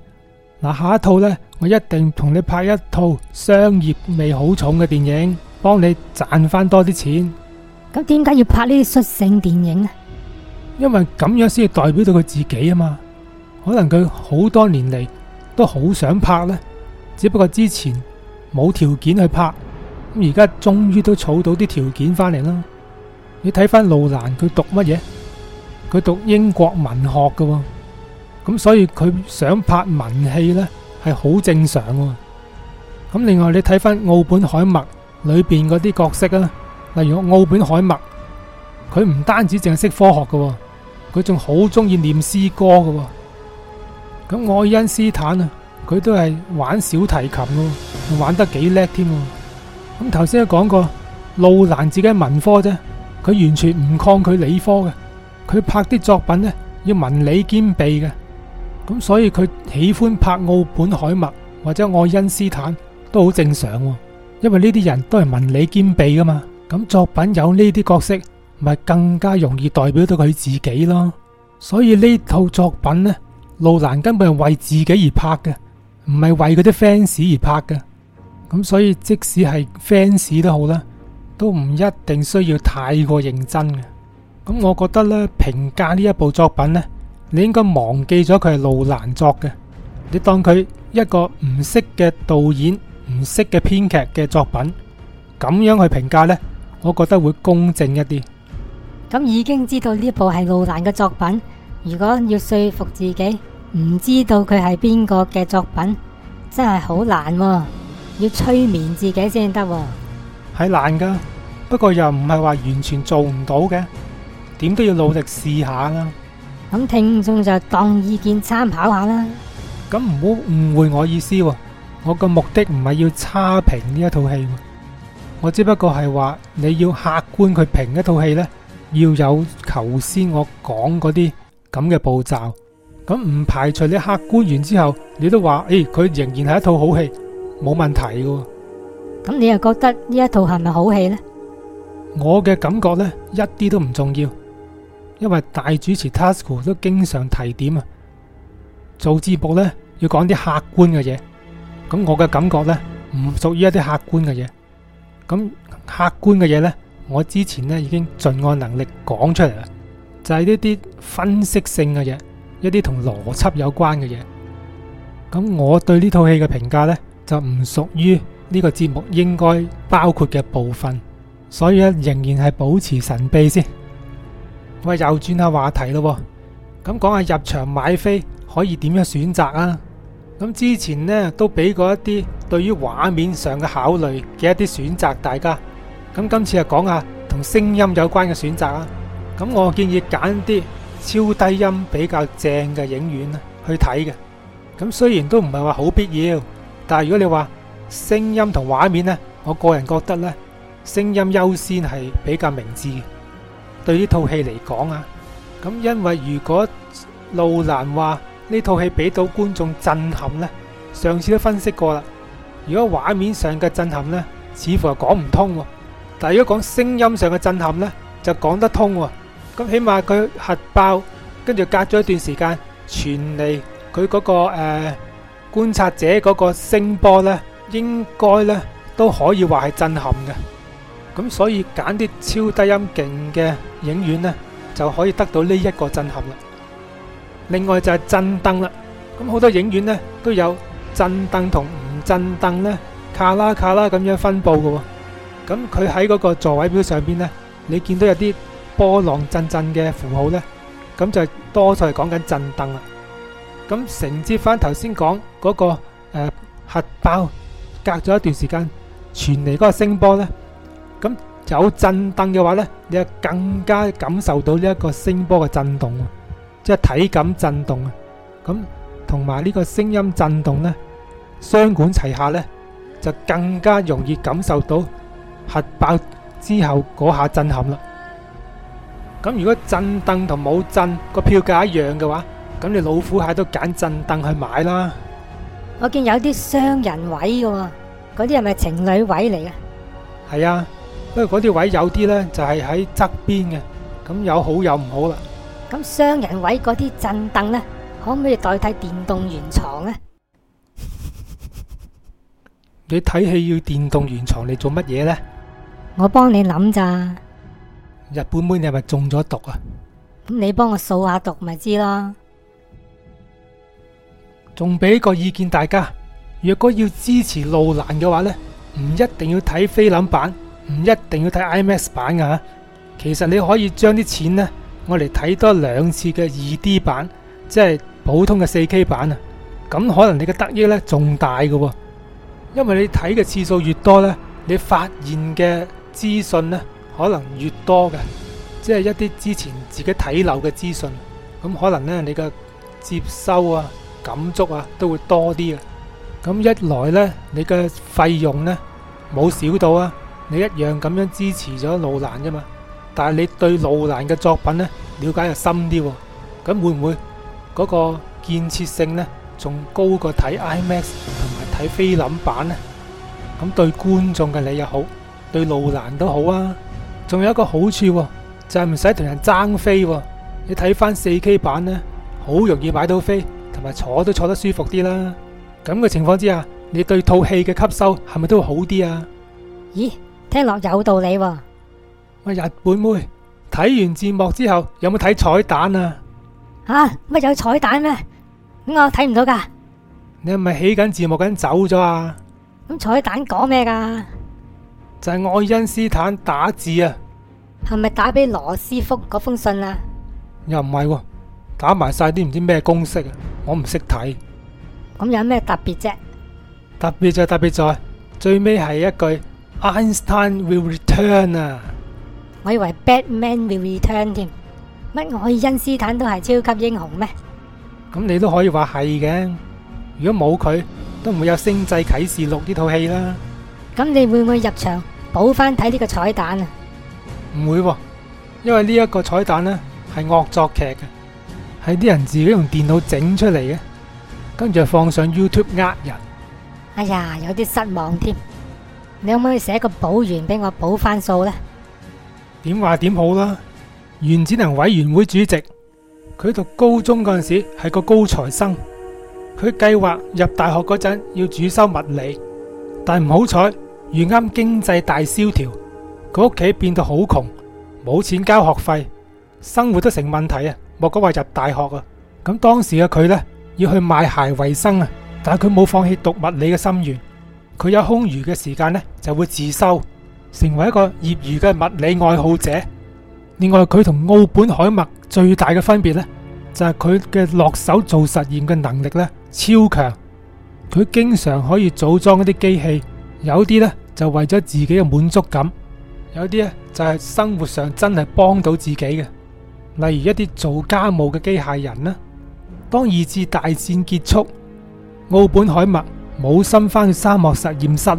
嗱，下一套呢，我一定同你拍一套商業味好重嘅電影，幫你賺翻多啲錢。咁點解要拍呢啲率性電影啊？因為咁樣先代表到佢自己啊嘛。可能佢好多年嚟都好想拍呢，只不過之前冇條件去拍。咁而家終於都儲到啲條件返嚟啦！你睇翻路蘭佢讀乜嘢？佢讀英國文學噶，咁所以佢想拍文戲呢，係好正常。咁另外你睇翻奧本海默裏邊嗰啲角色啊，例如奧本海默，佢唔單止淨係識科學噶，佢仲好中意念詩歌噶。咁愛因斯坦啊，佢都係玩小提琴喎，玩得幾叻添。咁頭先都講過，路蘭自己係文科啫，佢完全唔抗拒理科嘅，佢拍啲作品呢，要文理兼備嘅，咁所以佢喜歡拍奧本海默或者愛因斯坦都好正常，因為呢啲人都係文理兼備㗎嘛，咁作品有呢啲角色，咪更加容易代表到佢自己咯，所以呢套作品呢，路蘭根本係為自己而拍嘅，唔係為嗰啲 fans 而拍嘅。咁所以即使係 fans 都好啦，都唔一定需要太過認真嘅。咁我覺得咧，評價呢一部作品咧，你應該忘記咗佢係路蘭作嘅，你當佢一個唔識嘅導演、唔識嘅編劇嘅作品，咁樣去評價咧，我覺得會公正一啲。咁已經知道呢部係路蘭嘅作品，如果要說服自己唔知道佢係邊個嘅作品，真係好難喎，啊。要催眠自己先得喎，係難噶，不過又唔係話完全做唔到嘅，點都要努力試下啦、啊。咁聽眾就當意見參考一下啦、啊。咁唔好誤會我意思、啊，我個目的唔係要差評呢一套戲、啊，我只不過係話你要客觀去評一套戲呢，要有頭先我講嗰啲咁嘅步驟。咁唔排除你客觀完之後，你都話誒，佢、欸、仍然係一套好戲。冇問題嘅，咁你又覺得呢一套係咪好戲呢？我嘅感覺呢一啲都唔重要，因為大主持 Tasko 都經常提點啊。做直播呢要講啲客觀嘅嘢，咁我嘅感覺呢唔屬於一啲客觀嘅嘢。咁客觀嘅嘢呢，我之前呢已經盡我能力講出嚟啦，就係呢啲分析性嘅嘢，一啲同邏輯有關嘅嘢。咁我對呢套戲嘅評價呢。就唔屬於呢個節目應該包括嘅部分，所以咧仍然係保持神秘先。喂，又轉下話題咯，哦，咁講下入場買飛可以點樣選擇啊？咁之前呢都俾過一啲對於畫面上嘅考慮嘅一啲選擇，大家。咁今次就講下同聲音有關嘅選擇啊。咁我建議揀啲超低音比較正嘅影院啦去睇嘅。咁雖然都唔係話好必要。但係如果你話聲音同畫面咧，我個人覺得咧，聲音優先係比較明智嘅。對於套戲嚟講啊，咁因為如果路蘭話呢套戲俾到觀眾震撼咧，上次都分析過啦。如果畫面上嘅震撼咧，似乎係講唔通。但係如果講聲音上嘅震撼咧，就講得通。咁起碼佢核爆，跟住隔咗一段時間傳嚟佢嗰個誒。觀察者嗰個聲波咧，應該咧都可以話係震撼嘅，咁所以揀啲超低音勁嘅影院咧，就可以得到呢一個震撼啦。另外就係震燈啦，咁好多影院咧都有震燈同唔震燈咧，卡啦卡啦咁樣分布嘅，咁佢喺嗰個座位表上邊咧，你見到有啲波浪震震嘅符號咧，咁就係多數講緊震燈啦。咁承接翻頭先講嗰個誒核爆隔咗一段時間傳嚟嗰個聲波咧，咁有震凳嘅話咧，你就更加感受到呢一個聲波嘅震動，即係體感震動啊！咁同埋呢個聲音震動咧，雙管齊下咧，就更加容易感受到核爆之後嗰下震撼啦。咁如果震凳同冇震個票價一樣嘅話，咁你老虎蟹都揀震凳去買啦？我見有啲雙人位嘅，嗰啲係咪情侶位嚟嘅？係啊，不過嗰啲位有啲呢就係喺側邊嘅，咁有好有唔好啦。咁雙人位嗰啲震凳呢，可唔可以代替電動圓床呢？你睇戲要電動圓床嚟做乜嘢呢？我幫你諗咋？日本妹你係咪中咗毒啊？咁你幫我掃下毒咪知咯？仲俾個意見大家，若果要支持路蘭嘅話呢，唔一定要睇菲林版，唔一定要睇 IMAX 版啊。其實你可以將啲錢呢，我嚟睇多兩次嘅二 D 版，即係普通嘅四 K 版啊。咁可能你嘅得益呢仲大嘅，因為你睇嘅次數越多呢，你發現嘅資訊呢可能越多嘅，即係一啲之前自己睇漏嘅資訊，咁可能呢，你嘅接收啊。感觸啊，都會多啲嘅。咁一來呢，你嘅費用呢冇少到啊。你一樣咁樣支持咗路蘭啫嘛。但係你對路蘭嘅作品呢，了解又深啲、啊，咁會唔會嗰個建設性呢？仲高過睇 IMAX 同埋睇菲林版呢？咁對觀眾嘅你又好，對路蘭都好啊。仲有一個好處喎、啊，就係唔使同人爭飛、啊。你睇翻四 K 版呢，好容易買到飛。咪坐都坐得舒服啲啦，咁嘅情況之下，你對套戲嘅吸收係咪都會好啲啊？咦，聽落有道理喎、啊。喂，日本妹睇完字幕之後，有冇睇彩蛋啊？吓、啊，乜有彩蛋咩？咁我睇唔到噶。你係咪起緊字幕緊走咗啊？咁彩蛋講咩噶？就係、是、愛因斯坦打字啊。係咪打俾羅斯福嗰封信啊？又唔係喎。打埋晒啲唔知咩公式啊！我唔識睇。咁有咩特別啫？特別就特別在最尾係一句，Einsteinwill return 啊！我以為 Batman will return 添。乜愛因斯坦都係超級英雄咩？咁你都可以話係嘅。如果冇佢，都唔會有星際啟示錄呢套戲啦。咁你會唔會入場補翻睇呢個彩蛋啊？唔會喎，因為呢一個彩蛋呢係惡作劇嘅。係啲人自己用電腦整出嚟嘅，跟住放上 YouTube 呃人。哎呀，有啲失望添。你可唔可以寫個補完俾我補翻數呢？點話點好啦？原子能委員會主席，佢讀高中嗰陣時係個高材生。佢計劃入大學嗰陣要主修物理，但唔好彩，遇啱經濟大蕭條，佢屋企變到好窮，冇錢交學費，生活都成問題啊！莫講話入大學啊！咁當時嘅佢呢，要去賣鞋為生啊，但係佢冇放棄讀物理嘅心願。佢有空餘嘅時間呢，就會自修，成為一個業餘嘅物理愛好者。另外，佢同奧本海默最大嘅分別呢，就係佢嘅落手做實驗嘅能力呢，超強。佢經常可以組裝一啲機器，有啲呢，就為咗自己嘅滿足感，有啲呢，就係生活上真係幫到自己嘅。例如一啲做家務嘅機械人啦。當二次大戰結束，奧本海默冇心翻去沙漠實驗室。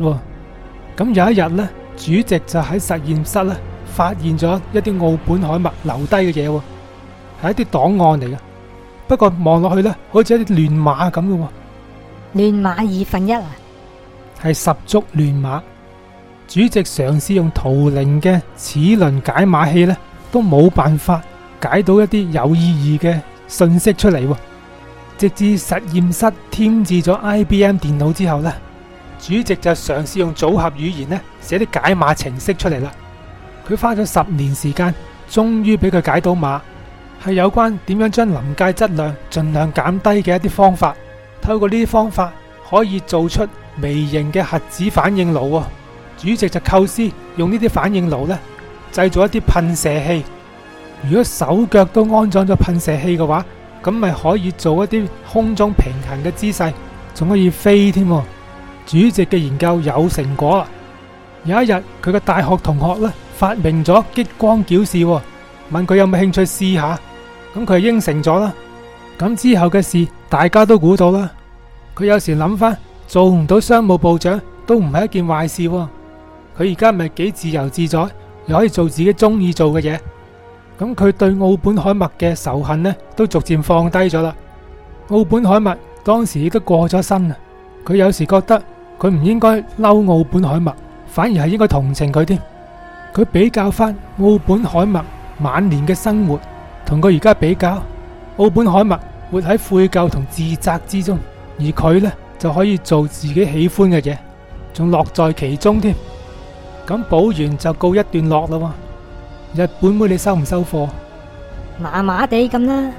咁有一日咧，主席就喺實驗室咧發現咗一啲奧本海默留低嘅嘢，係一啲檔案嚟嘅。不過望落去咧，好似一啲亂碼咁嘅。亂碼二分一啊？係十足亂碼。主席嘗試用圖靈嘅齒輪解碼器咧，都冇辦法。解到一啲有意義嘅信息，出嚟。直至實驗室添置咗 IBM 電腦之後呢，主席就嘗試用組合語言呢寫啲解碼程式出嚟啦。佢花咗十年時間，終於俾佢解到碼，係有關點樣將臨界質量盡量減低嘅一啲方法。透過呢啲方法可以做出微型嘅核子反應爐。主席就構思用呢啲反應爐呢製造一啲噴射器。如果手腳都安裝咗噴射器嘅話，咁咪可以做一啲空中平衡嘅姿勢，仲可以飛添。主席嘅研究有成果啦。有一日，佢個大學同學咧發明咗激光矯視，問佢有冇興趣試下，咁佢應承咗啦。咁之後嘅事大家都估到啦。佢有時諗翻，做唔到商務部長都唔係一件壞事。佢而家咪係幾自由自在，又可以做自己中意做嘅嘢。咁佢對奧本海默嘅仇恨呢，都逐漸放低咗啦。奧本海默當時亦都過咗身啊，佢有時覺得佢唔應該嬲奧本海默，反而係應該同情佢添。佢比較翻奧本海默晚年嘅生活，同佢而家比較，奧本海默活喺悔疚同自責之中，而佢呢就可以做自己喜歡嘅嘢，仲樂在其中添。咁補完就告一段落喎。日本妹，你收唔收貨？麻麻地咁啦。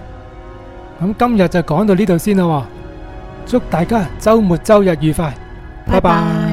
咁今日就講到呢度先啦。祝大家周末周日愉快，拜拜。